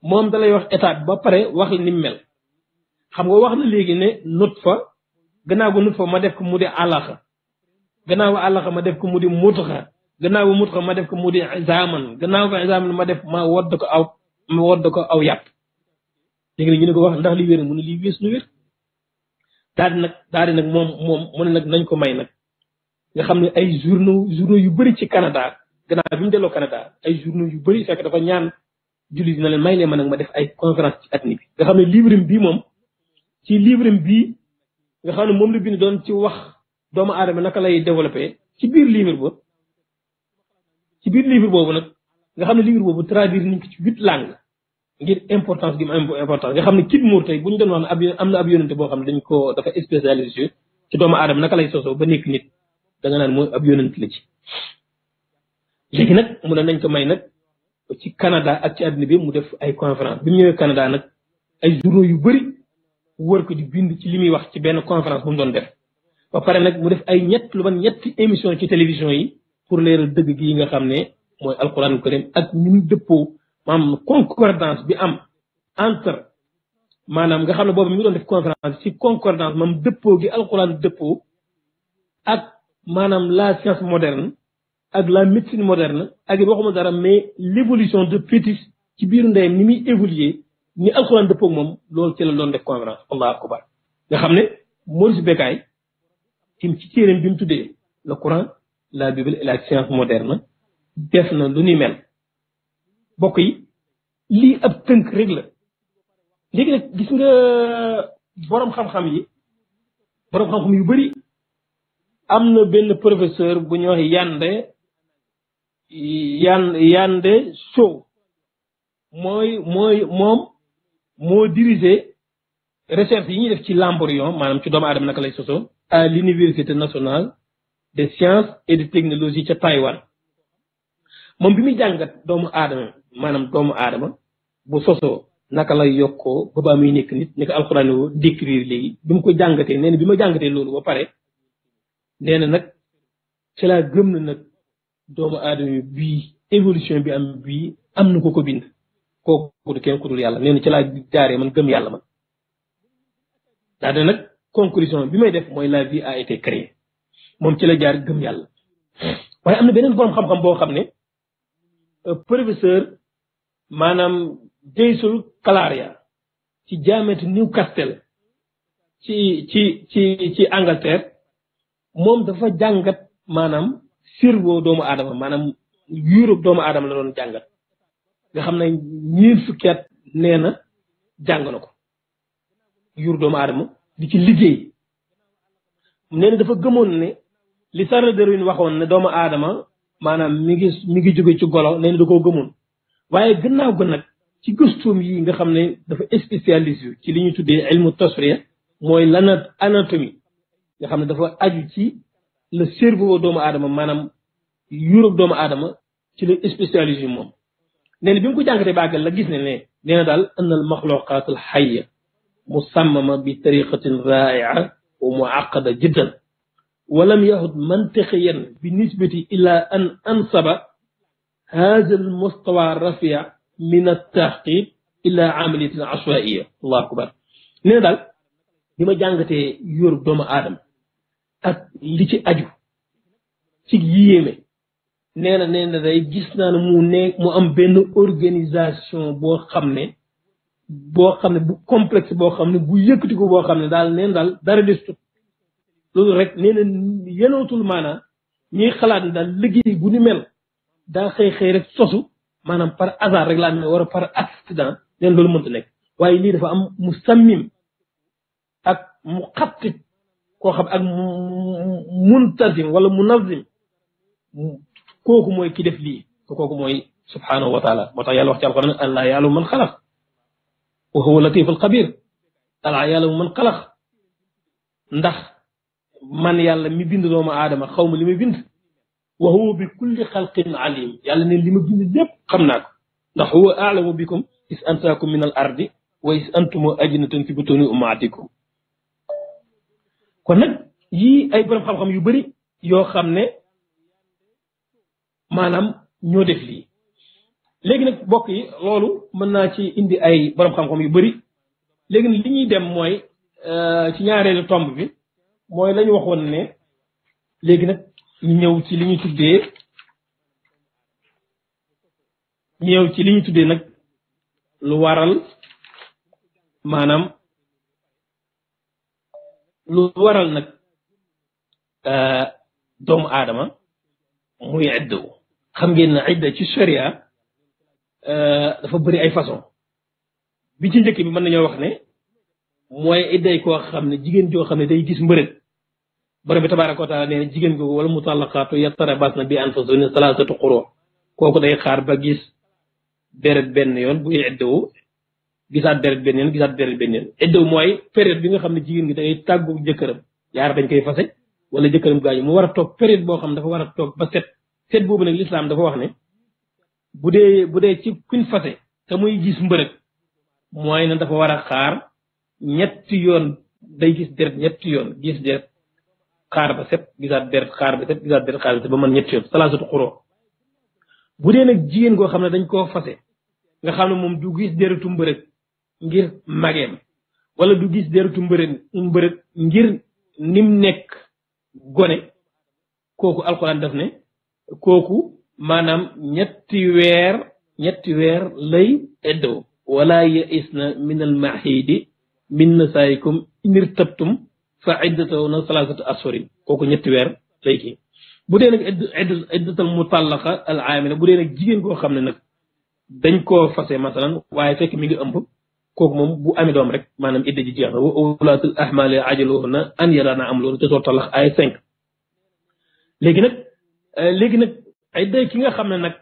moom da lay wax étape ba pare wax la ni mu mel xam nga wax na léegi ne nut fa gannaaw gu nut fa ma def ko mu di àllaxa gannaaw àllaxa ma def ko mu di mutxa gannaaw mutxa ma def ko mu di isaaman gannaaw ko isaaman ma def ma wodd ko aw ma wodd ko aw yàpp léegi ñu ne ko wax ndax li wér mu ne lii wees nu wér daal di nag daal di nag moom moom mu ne nag nañ ko may nag nga xam ne ay journaux journaux yu bëri ci Canada gannaaw bi ñu delloo ay journaux yu bëri fekk dafa ñaan jullit na leen may leen ma nag ma def ay conférence ci adduna bi. nga xam ne livre bii moom ci livre bii nga xam ne moom la bind doon ci wax doomu aadama naka lay développé ci biir livre ba ci biir livre boobu nag nga xam ne livre boobu traduire nañ ko ci huit langues ngir importance gi nga xam ne kit muur tey bu ñu doon wax ne am na ab yonente boo xam ne dañ ko dafa spécialisé ci doomu aadama naka lay sosoo ba nekk nit. danga naan mooy ab yonent la ci léegi nag mu ne nañ ko may nag ci Canada ak ci àddina bi mu def ay conférence bi mu ñëwee Canada nag ay journaux yu bari wër ko di bind ci li muy wax ci benn conférence bu mu doon def ba pare nag mu def ay ñett lu ban ñetti émission ci télévision yi pour leeral dëgg gi nga xam ne mooy alquran karim ak ni mu dëppoo maanaam concordance bi am entre maanaam nga xam ne boobu mi ngi doon def conférence ci concordance maanaam dëppoo gi alquran dëppoo maanaam la science moderne ak la médecine moderne ak yi waxuma dara mais l'évolution de fétis ci biiru ndeyam ni muy évoluer ni alxuraan dëppoo ak moom loolu ci la doon def conférence allahu akbar nga xam ne Maurice Bucaille ci téeréem bi mu tuddee le Coran la Bible et la science moderne def na lu ni mel bokk yi lii ab tënk rek la léegi nag gis nga borom xam-xam yi borom xam-xam yu bari am na benn professeur bu ñuy wax yande yan yande mooy mooy moom moo diriger recherche yi ñuy def ci l'embryon maanaam ci doomu aadama naka lay soso à l'université nationale des sciences et de technologie ca Taïwan moom bi muy jàngat doomu aadama maanaam doomu aadama bu soso naka lay yokkoo ba ba muy nekk nit ni ko alxuraan décrire léegi bi mu ko jàngatee nee bi ma jàngatee loolu ba pare nee na nag ci laa gëm na nag doomu aadama bii évolution bi am bii am na ko ko bind kooku kenn ku yàlla nee ci laa jaaree man gëm yàlla man daa de nag conclusion bi may def mooy la vie a été créée moom ci la jaar gëm yàlla waaye am na beneen borom xam-xam boo xam ne euh, professeur maanaam Jaysul Kalaria ci Jaamiyatu Newcastle ci ci ci ci Angleterre moom dafa jàngat maanaam cerveau doomu aadama maanaam Europe doomu aadama la doon jàngat nga xam ne ñeent fukki at nee na jàng na ko yuur doomu aadama di ci liggéey nee dafa gëmoon ne li Charles Darwin waxoon ne doomu aadama maanaam mi ngi mi ngi jóge ci golo nee na da koo gëmoon waaye gannaaw ga nag ci gëstoom yi nga xam ne dafa spécialisé ci li ñu tuddee ilmu tasriya mooy l'anatomie nga xamne dafa aju ci le cerveau doomu adama manam yurub doomu adama ci le spécialisé mom nee na bi mu ko jangate bagal la gis ne ne nee dal anal ann al maxluqat musammama bi tariqatin ra'i'a wa mu'aqqada jiddan ولم يعد منطقيا بالنسبة إلى أن أنصب هذا المستوى الرفيع من التحقيق إلى عملية عشوائية الله أكبر نضال بما جانغتي يورب دوم آدم ak li ci aju ci yéeme nee na nee na day gis naa mu ne mu am benn organisation boo xam ne boo xam ne bu complexe boo xam ne bu yëkkati ko boo xam ne daal neen daal dara destut loolu rek nee na yenootul maanaam ñuy xalaat ne daal liggéey bu ni mel daa xëy xëy rek sosu maanaam par hasard rek laa ne war par accident neen loolu mënta nekk waaye lii dafa am mu sammim ak mu xattit كوخ اك منتظم ولا منظم كوكو موي كي ديف لي كوكو موي سبحانه وتعالى متى يالا وخش القران الا يالو من خلق وهو لطيف القبير العيال من خلق ندخ من يالا مي بيند دوما ادم خاوم لي مي بيند وهو بكل خلق عليم يالا ني لي مي بيند ديب خمناك ندخ هو اعلم بكم اذ انتاكم من الارض واذ انتم اجنه في بطون امهاتكم kon nag yii ay borom xam-xam yu bari yoo xam ne maanaam ñoo def lii léegi nag bokk yi loolu mën naa ci indi ay borom xam-xam yu bari léegi nag li ñuy dem mooy euh, ci ñaareelu tomb bi mooy lañu waxoon ne léegi nag ñëw ci li ñu tuddee ñëw ci li ñu tuddee nag lu waral maanaam lu waral nag euh, doomu aadama muy idda xam ngeen ne idda ci sharia euh, dafa bëri ay façon bi ci njëkk bi mën nañoo wax ne mooy idday koo xam ne jigéen joo xam ne day gis mbërëg borom bi tabaaraka wa jigéen nee na mu googu wala mutallaqaatu yatarabas na bi anfusihunna salaasata quruu kooku day xaar ba gis béréb benn yoon bu idda wu gisaat deret benn yoon gisaat deret benn yoon iddaw mooy période bi nga xam ne jigéen gi da ngay tàggu jëkkëram yaar dañ koy fase wala jëkkëram gaañu mu war a toog période boo xam dafa war a toog ba set set boobu nag lislaam dafa wax ne bu dee bu dee ci kuñ fase te muy gis mbërëg mooy ne dafa war a xaar ñetti yoon day gis deret ñetti yoon gis deret xaar ba set gisaat deret xaar ba set gisaat deret xaar ba set ba mën ñetti yoon salaasatu xuroo bu dee xam ne dañ koo fase nga xam ne moom du gis ngir mageem wala du gis deretu mbërën mbërët ngir nim nekk gone kooku alxuraan daf ne kooku maanaam ñetti weer ñetti weer lay eddoo wala yais na min almahidi min nasaayikum inir tabtum fa iddataw na salaasatu asfarin kooku ñetti weer lay kii bu dee nag idd iddatal mutallaqa al aamila bu dee nag jigéen koo xam ne nag dañ ko fase masalan waaye fekk mi ngi ëmb kooku moom bu amee doom rek maanaam idda ji jeex na ulaatul ahmaali ajaluhunna an yaraana am loolu te soo talax ay cinq léegi nag léegi nag idda ki nga xam ne nag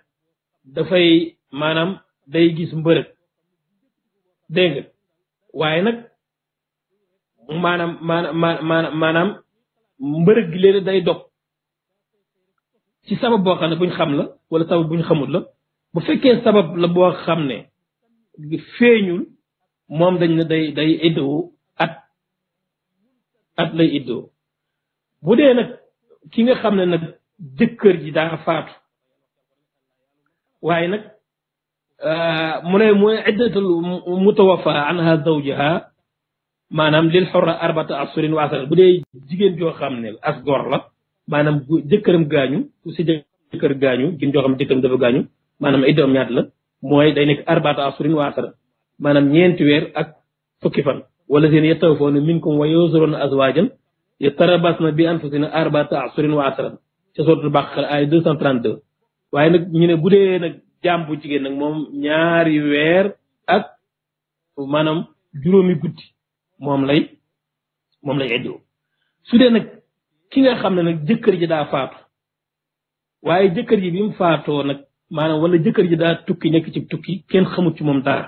dafay maanaam day gis mbërëg dégg nga waaye nag maanaam maanaam maanaam mbërëg gi léeg day dog ci sabab boo xam ne buñ xam la wala sabab buñ xamul la bu fekkee sabab la boo xam ne feeñul moom dañ ne day day iddoo at lay iddoo bu dee nag ki nga xam ne nag jëkkër ji daa faatu waaye nag euh, mu ne mooy iddatul mutawafa anha zawjaha maanaam lil xorra arbata assurin waasal bu dee jigéen joo xam ne as gor la maanaam jëkkëram gaañu si jëkkër gaañu jigéen joo xam ne jëkkëram dafa gaañu maanaam iddoom ñaat la mooy day nekk arbata assurin waasal maanaam ñeenti weer ak fukki fan wala seen yatawfawna minkum wa yazaruna azwajan yatarabasna bi anfusina arbata asurin wa asran ca suratul baqara ay 232 waaye nag ñu ne bu dee nag jaam bu jigéen nag moom ñaari weer ak maanaam juróomi guddi moom lay moom lay eddoo su nag ki nga xam ne nag jëkkër ji daa faatu waaye jëkkër ji bi mu faatoo nag maanaam wala jëkkër ji daa tukki nekk ci tukki kenn xamut ci moom dara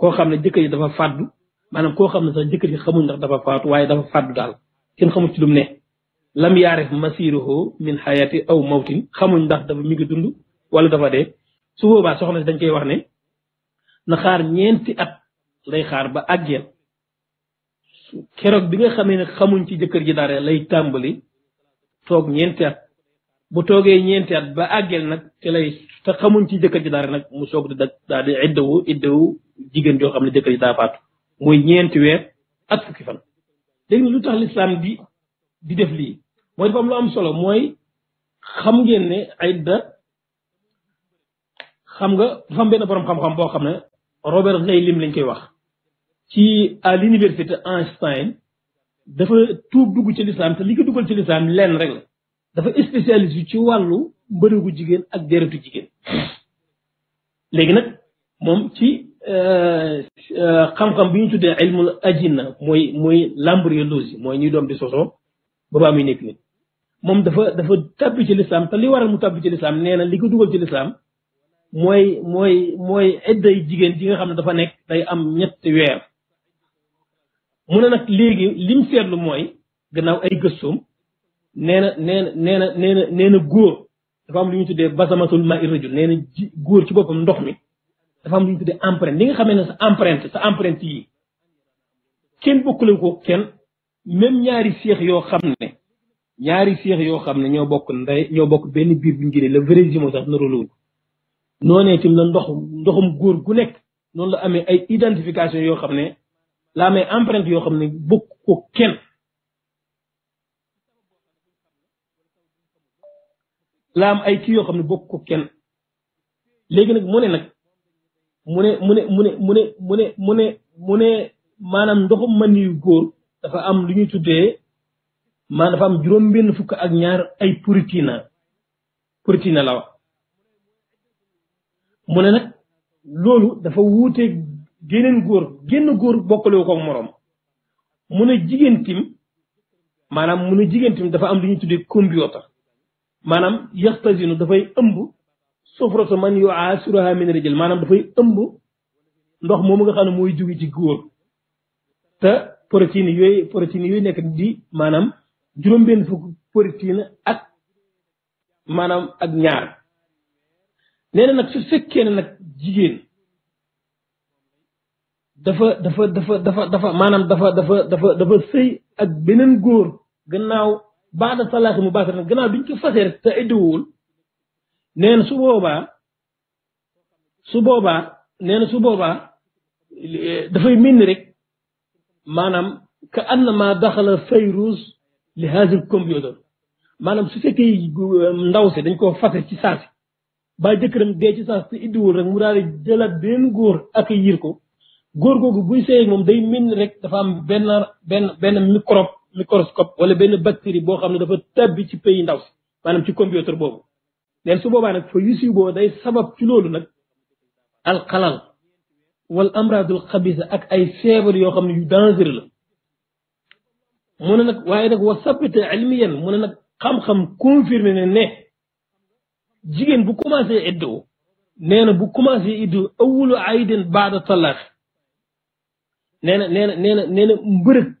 koo xam ne jëkkër ji dafa fàddu maanaam koo xam ne sax jëkkër ji xamul ndax dafa faatu waaye dafa fàddu daal kenn xamul ci aw mawtin xamuñ ndax dafa mi ngi dund wala dafa dee su boobaa soxna si dañ koy wax ne na xaar ñeenti at lay xaar ba àggeel keroog bi nga xamee ne xamuñ ci jëkkër ji dara lay tàmbali toog ñeenti at bu toogee ñeenti at ba àggeel nag ci lay te xamuñ ci jëkkër ji dara nag mu soog di dag daal di iddawu iddawu jigéen joo xam ne jëkkër ji daa faatu mooy ñeenti weer ak fukki fan léegi lu tax lislaam di def lii mooy am lu am solo mooy xam ngeen ne idda xam nga dafa am benn borom xam-xam boo xam ne Robert Ghelem lañ koy wax ci à l'université Einstein dafa tuub dugg ci lislaam te li ko dugal ci lislaam leen rek dafa spécialiste yu ci wàllu mbërëgu jigéen ak deretu jigéen léegi nag moom ci euh, euh, xam-xam bi ñu tuddee ilmul ajina mooy mooy l'embryologie mooy ñuy doom di sosoo ba baa muy nekk nit moom dafa dafa tàbbi ci lislaam te li waral mu tàbbi ci lislaam nee na li ko dugal ci lislaam mooy mooy mooy idday jigéen ji nga xam ne dafa nekk day am ñetti weer mu ne nag léegi lim seetlu mooy gannaaw ay gëstoom nee na nee nee na nee nee na góor dafa am lu ñu tuddee basamatul ma irrajul nee na ji góor ci boppam ndox mi dafa am lu ñu tuddee empreinte li nga xamee ne sa empreinte sa empreinte yi kenn bokkule ko kenn même ñaari seex yoo xam ne ñaari seex yoo xam ne ñoo bokk nday ñoo bokk benn biir bu ñu jëlee le vrai jumeau sax naralowuñ noonee tim la ndox ndoxum góor gu nekk noonu la amee ay identification yoo xam ne la amee empreinte yoo xam ne bokk ko kenn la ay kii yoo xam ne bokk ko kenn léegi nag mu ne nag mu ne mu ne mu ne mu mu ne mu ne maanaam ndoxum man yu góor dafa am lu ñuy tuddee maanaam dafa am juróom benn fukk ak ñaar ay puritina puritina la wax mu ne nag loolu dafa wuuteeg géneen góor génn góor bokkalewu ko moroom mu ne jigéen tim maanaam mu ne jigéen tim dafa am lu ñuy tuddee combiota maanaam yaxtasinu dafay ëmb sufrata man yuaasiruha min rijal maanaam dafay ëmb ndox moomu nga xam ne mooy jóge ci góor te protéines yooyu protéines yooyu nekk di maanaam juróom-benn fukk protéine ak maanaam ak ñaar nee na su fekkee ne jigéen dafa dafa dafa dafa dafa maanaam dafa dafa dafa ak beneen góor gannaaw baada salaati mu baasara gannaaw bi ñu ko fasee rek te iddiwul nee su boobaa su boobaa nee na su boobaa dafay mel rek maanaam ka annama daxala fayruz li haazil computer maanaam su fekkee ndaw si dañ koo fase ci saasi ba jëkkëram dee ci saasi te iddiwul rek mu daal di jëlaat benn góor ak yir ko góor googu buy seey moom day mel rek dafa am benn benn benn microbe microscope wala benn bactérie boo xam ne dafa tabbi ci pays ndaw si maanaam ci computer boobu léegi su boobaa nag fa yusi boo day sabab ci loolu nag alxalal wal amradul xabisa ak ay feebar yoo xam ne yu dangereux la mu ne nag waaye nag wa sabita ilmiyan mu ne nag xam-xam confirmé ne ne jigéen bu commencé iddo nee na bu commencé iddo awulu aydin baada talaax nee na nee na nee mbërëg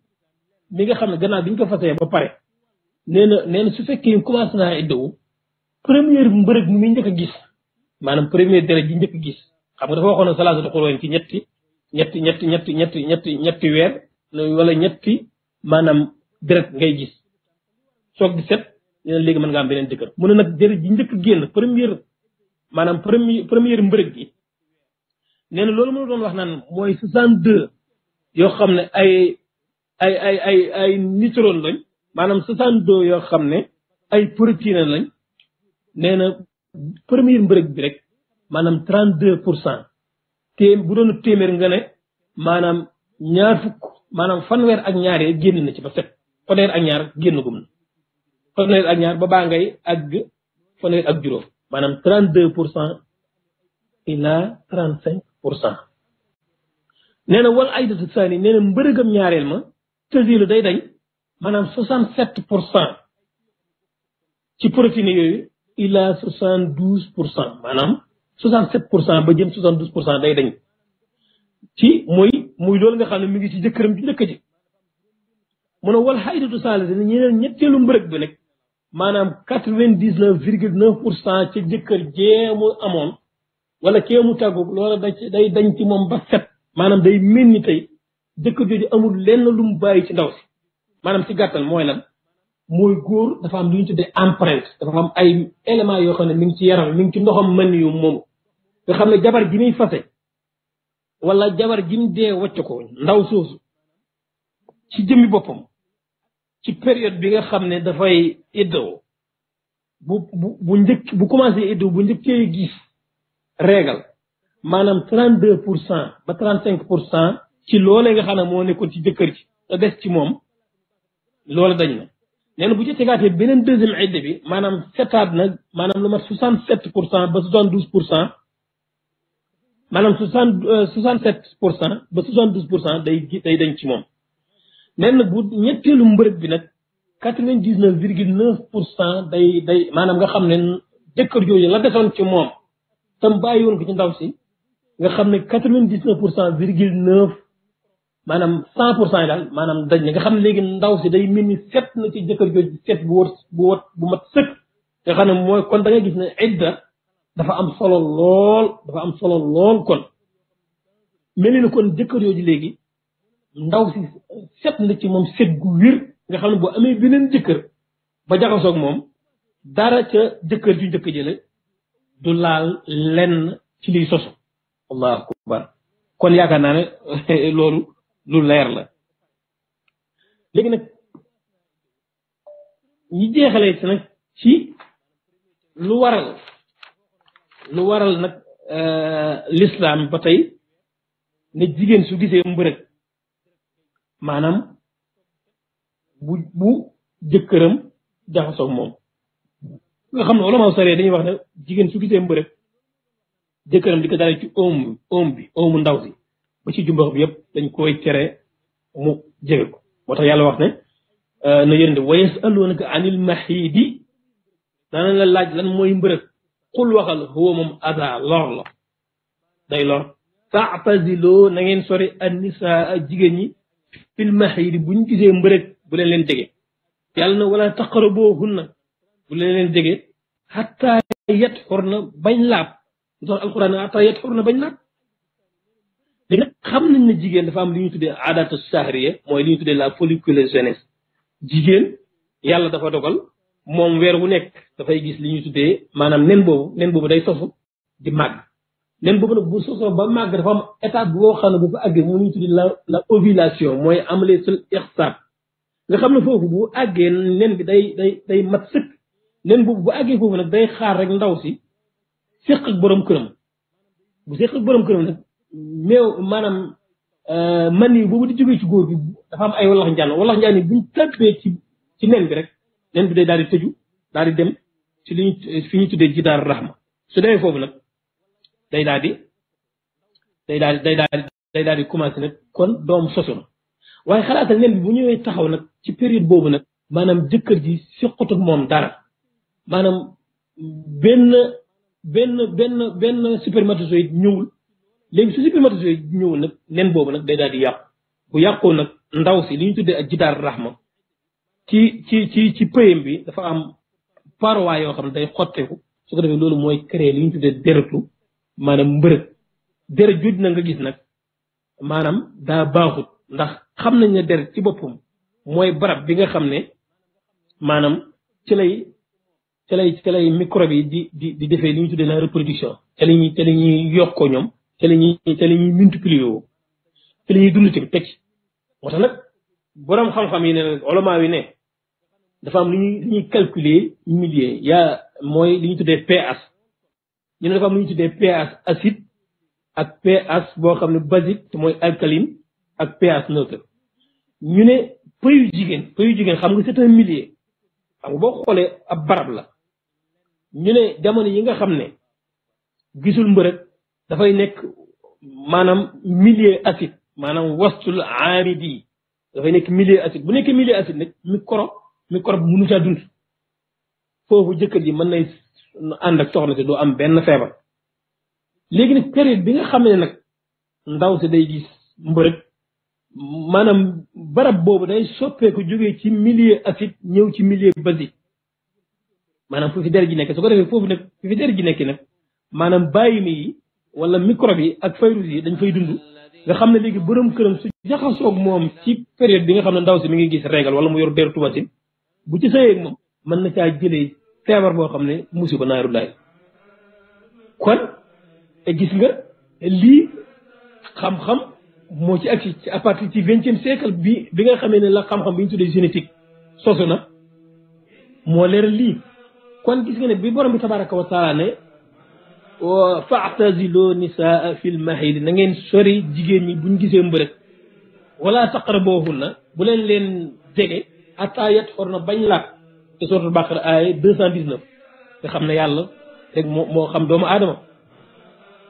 bi nga xamne ne gannaaw bi ko fassé ba paré néna néna su na su fekkee commencé naa iddawu premier mbeureug mi ñëk gis manam premier deret gi ñëk gis xam nga dafa waxono salatu salaasatu ci ñetti ñetti ñetti ñetti ñetti ñetti ñetti weer wala ñetti manam deret ngay gis sok di set nee légui léegi nga am benen dëkkër mu nak nag gi ñëk njëkk premier manam premier premier mbeureug gi néna loolu mënu doon wax naan moy 62 yo xamne ay ay ay ay ay nitron lañ maanaam soixante deux yoo xam ne ay protéine lañ nee na premier mbërëg bi rek maanaam trente deux pour cent té bu doon téeméer nga ne maanaam ñaar fukk maanaam fanweer ak ñaar yi génn na ci ba set fanweer ak ñaar génn gum fanweer ak ñaar ba baa ngay ak juróom maanaam trente deux pour cent ila trente cinq pour cent nee na wal ay data saani nee na mbërëgam ñaareel ma tasilu day dañ maanaam soixante sept pour cent ci protéines yooyu il soixante douze pour cent maanaam soixante sept pour cent ba jëm soixante douze pour cent day dañ ci mooy muy loolu nga xam ne mu ngi ci jëkkëram ju njëkk ji mu ne wal xaydatu saalisa ne ñeneen ñetteelu mbërëg bi nag maanaam quatre vingt dix neuf virgule neuf pour cent ca jëkkër jeemu amoon wala keemu tàggu loola da day dañ ci moom ba set maanaam day mel ni tey jëkkër jooju amul lenn lu mu bàyyi ci ndaw si maanaam ci gàttal mooy lan mooy góor dafa am lu ñu tuddee empreinte dafa am ay éléments yoo xam ne mi ci yaram mi ngi ci ndoxam mën yu moom nga xam ne jabar ji muy fase wala jabar ji mu dee wàcc ndaw soosu ci jëmmi boppam ci période bi nga xam ne dafay iddoo bu bu bu njëkk bu commencé iddoo bu njëkkee gis régal maanaam 32 pour cent ba 35 pour cent ci loolee nga xam ne moo nekkoon ci jëkkër ci te des ci moom loola dañ na nee na bu ca tegaatee beneen deuxième idda bi maanaam setaat nag maanaam lu mat soixante sept pour cent ba soixante douze pour cent maanaam soixante euh, soixante pour cent ba soixante douze pour cent day day dañ ci moom nee na bu ñetteelu mbërëb bi nag quatre vingt dix neuf virgule neuf pour cent day day maanaam nga xam ne jëkkër jooju la desoon ci moom tam bàyyi ci ndaw si nga xam ne quatre vingt dix neuf pour cent virgule neuf maanaam cent pour cent yi daal maanaam daj na nga xam ne léegi ndaw si day mel ni set na ci jëkkër jooju set bu wër bu wër bu mat sëkk mooy kon da nga gis ne idda dafa am solo lool dafa am solo lool kon mel na kon jëkkër jooju léegi ndaw si set na ci moom set gu wér nga xam ne boo amee beneen jëkkër ba jaxasoog moom dara ca jëkkër ju njëkk jële laal lenn ci liy sosu allahu akbar kon yaakaar naa ne loolu lu leer la léegi nag ñi jeexalee ci nag ci lu waral lu waral nag euh, lislaam ba tey ne jigéen su gisee mbërëg maanaam bu bu jëkkëram jaxasoog moom nga xam ne wala ma saree dañuy wax ne jigéen su gisee mbërëg jëkkëram di ko dalee ci oom oom bi oomu ndaw si ba ci jumbax bi yëpp dañ koy tere mu jege ko moo tax yàlla wax ne euh, na yërënde wa yasaluunaka anil maxiidi danañ la laaj lan mooy mbërëg xul waxal huwa moom ada lor la day lor taataziloo na ngeen sori annisaa jigéen ñi fil maxiidi buñ gisee mbërëg bu leen leen jege yàlla na wala taqaraboohunna bu leen leen jege xataa yat xor na bañ laab lu tax alquran xataa yat xor na bañ laab li xam nañ ne jigéen dafa am li ñu tuddee aadatu sahriya mooy li ñu tuddee la follicule jeunesse jigéen yàlla dafa dogal moom weer wu nekk dafay gis li ñu tuddee maanaam nen boobu nen boobu day sosu di màgg nen boobu nag bu sosoo ba màgg dafa am étape boo xam ne bu fa la la ovulation mooy amale sul nga xam ne foofu bu àggee nen bi day day day mat sëkk nen boobu bu àggee foofu nag day xaar rek ndaw si séq ak borom këram bu séq borom këram nag néew maanaam euh, mani boobu di jógee ci góor gi dafa am ay wallax njaan wallax njaan yi buñ tàbbee ci ci nen bi rek nen bi day daal di tëju daal di dem ci li ñu fi ñu tuddee ji daar raxma su foofu nag day daal di day daal di day daal day daal di commencé nag kon doom sosu na waaye xalaatal nen bi bu ñëwee taxaw nag ci période boobu nag maanaam jëkkër ji siqut ak moom dara maanaam benn benn benn benn supermatozoïde ñëwul léegi su supermatiseur yi ñëwoon nag nen boobu nag day daal di yàqu bu yàqoo nag ndaw si li ñu tuddee ak jidaar raxma ci ci ci ci pëyam bi dafa am parois yoo xam ne day xotteeku su ko defee loolu mooy créer li ñu tuddee dërëtu maanaam mbërëg deret jooju na nga gis nag maanaam daa baaxut ndax xam nañ ne deret ci boppam mooy barab bi nga xam ne maanaam ci lay ci lay ci lay microbe yi di di di defee li ñu tuddee la reproduction ci la ñuy yokkoo ñoom te la ñuy te la ñuy multiplier woo te teg moo tax nag borom xam-xam yi ne nag olama yi ne dafa am lu ñuy calculer millier yaa mooy li ñu tuddee pH ñu ne dafa am lu ñu tuddee pH acide ak pH boo xam ne basique te mooy alcaline ak pH neutre ñu ne pëyu jigéen pëyu jigéen xam nga c'est un xam nga boo xoolee ab barab la ñu ne jamono yi nga xam ne gisul mbërëg dafay nekk maanaam milieu acide maanaam wastul aaridi dafay nekk milieu acide bu nekkee milieu acide nag microbe microbe mënut a dund foofu jëkkër ji mën nay ànd ak soxna si am benn feebar léegi bi xam ne nag ndaw si day gis mbërëg maanaam barab boobu day soppeeku jógee ci milieu acide ñëw ci milieu basique maanaam fu fi der ji nekk su ko defee foofu nag fu fi der ji nekk nag maanaam yi wala microbe yi ak virus yi dañ fay dund nga xam ne léegi borom këram su jaxasoog moom ci période bi nga xam ne ndaw si mi ngi gis régal wala mu yor beeru tubasin bu ci sëyeeg moom mën na caa jëlee feebar boo xam ne musiba naaru laay te eh, gis nga lii xam-xam moo ci agsi ci à partir ci vingtième siècle bi bi nga xamee ne la xam-xam bi ñu tuddee génétique sosu na moo leeral lii kon gis nga ne bi borom bi tabaraka wa faatazilu nisaa fil mahid na nangeen sori jigéen ñi buñ gisee mbërëg wala taqrabuhunna bu leen leen jege hatta na bañ laab te suratul baqara aaya deux cent dix-neuf nga xam na yàlla rek moo moo xam doomu aadama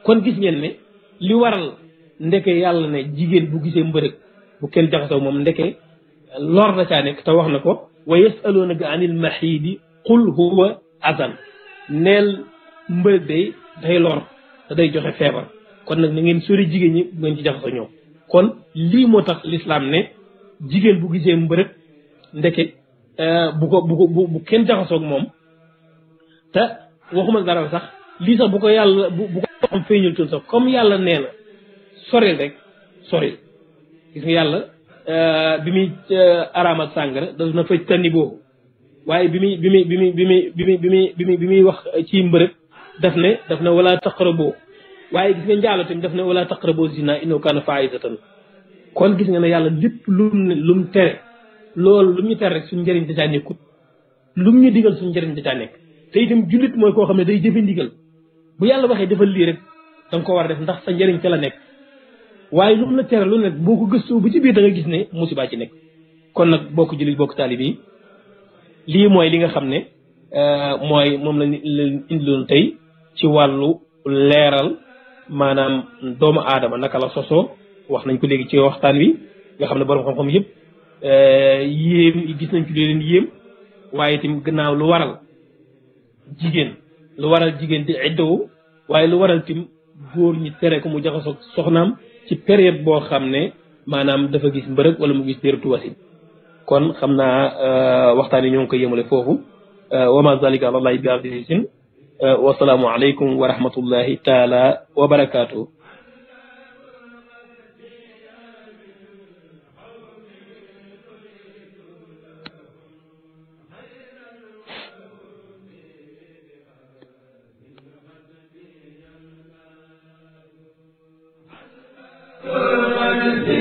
kon gis ngeen ne li waral ndeke yàlla ne jigéen bu gisee mbërëg bu kenn jaxasaw moom ndeke lor da caa nekk te wax na ko wa yasaluunaka anil maxiidi qul huwa azan neel mbërëg day day lor te day joxe feebar kon nag na ngeen sori jigéen ñi bu ngeen ci jaxasoo ñoom kon lii moo tax lislaam ne jigéen bu gisee mbërëg ndeke euh, bu ko bu ko bu kenn jaxasoog moom te waxuma dara sax lii sax bu ko yàlla bu bu ko am feeñul toon sax comme yàlla nee na soril rek soril gis nga yàlla euh, bi muy euh, araamal sàngara daf na faj tànni boobu waaye bi muy bi muy bi muy bi muy bi muy bi muy bi muy wax ci mbërëg daf ne daf ne wala taqrabo waaye gis nga njaalo tamit daf ne wala taqrabo zina innahu kaana fahisatan kon gis nga ne yàlla lépp lum ne lum tere loolu lu mu ñu tere suñu njëriñ da lu mu ñu digal suñu njëriñ da caa nekk te itam jullit mooy koo xam ne day jëfe bu yàlla waxee defal lii rek da nga ko war a def ndax sa njëriñ ca la nekk waaye lu mu la tere lu nekk boo ko gëstoo bu ci biir da nga gis ne musiba ci nekk kon nag bokk jullit bokk taalib yi lii mooy li nga xam ne euh, mooy moom la indiloon tey ci wàllu leeral maanaam doomu aadama naka la sosoo wax nañ ko léegi ci waxtaan wi nga xam ne borom xam-xam yëpp eh, yéem gis nañ ci lu leen yéem waaye tim gannaaw lu waral jigéen lu waral jigéen di iddawu waaye lu waral tim góor ñi tere ko mu jaxasoo soxnaam ci période boo xam ne maanaam dafa gis mbërëg wala mu gis déretu wasin kon xam naa eh, waxtaan yi ñoo ngi koy yëmale foofu eh, wa ma zalika àlallahi bi aziizin والسلام عليكم ورحمة الله تعالى وبركاته Thank you.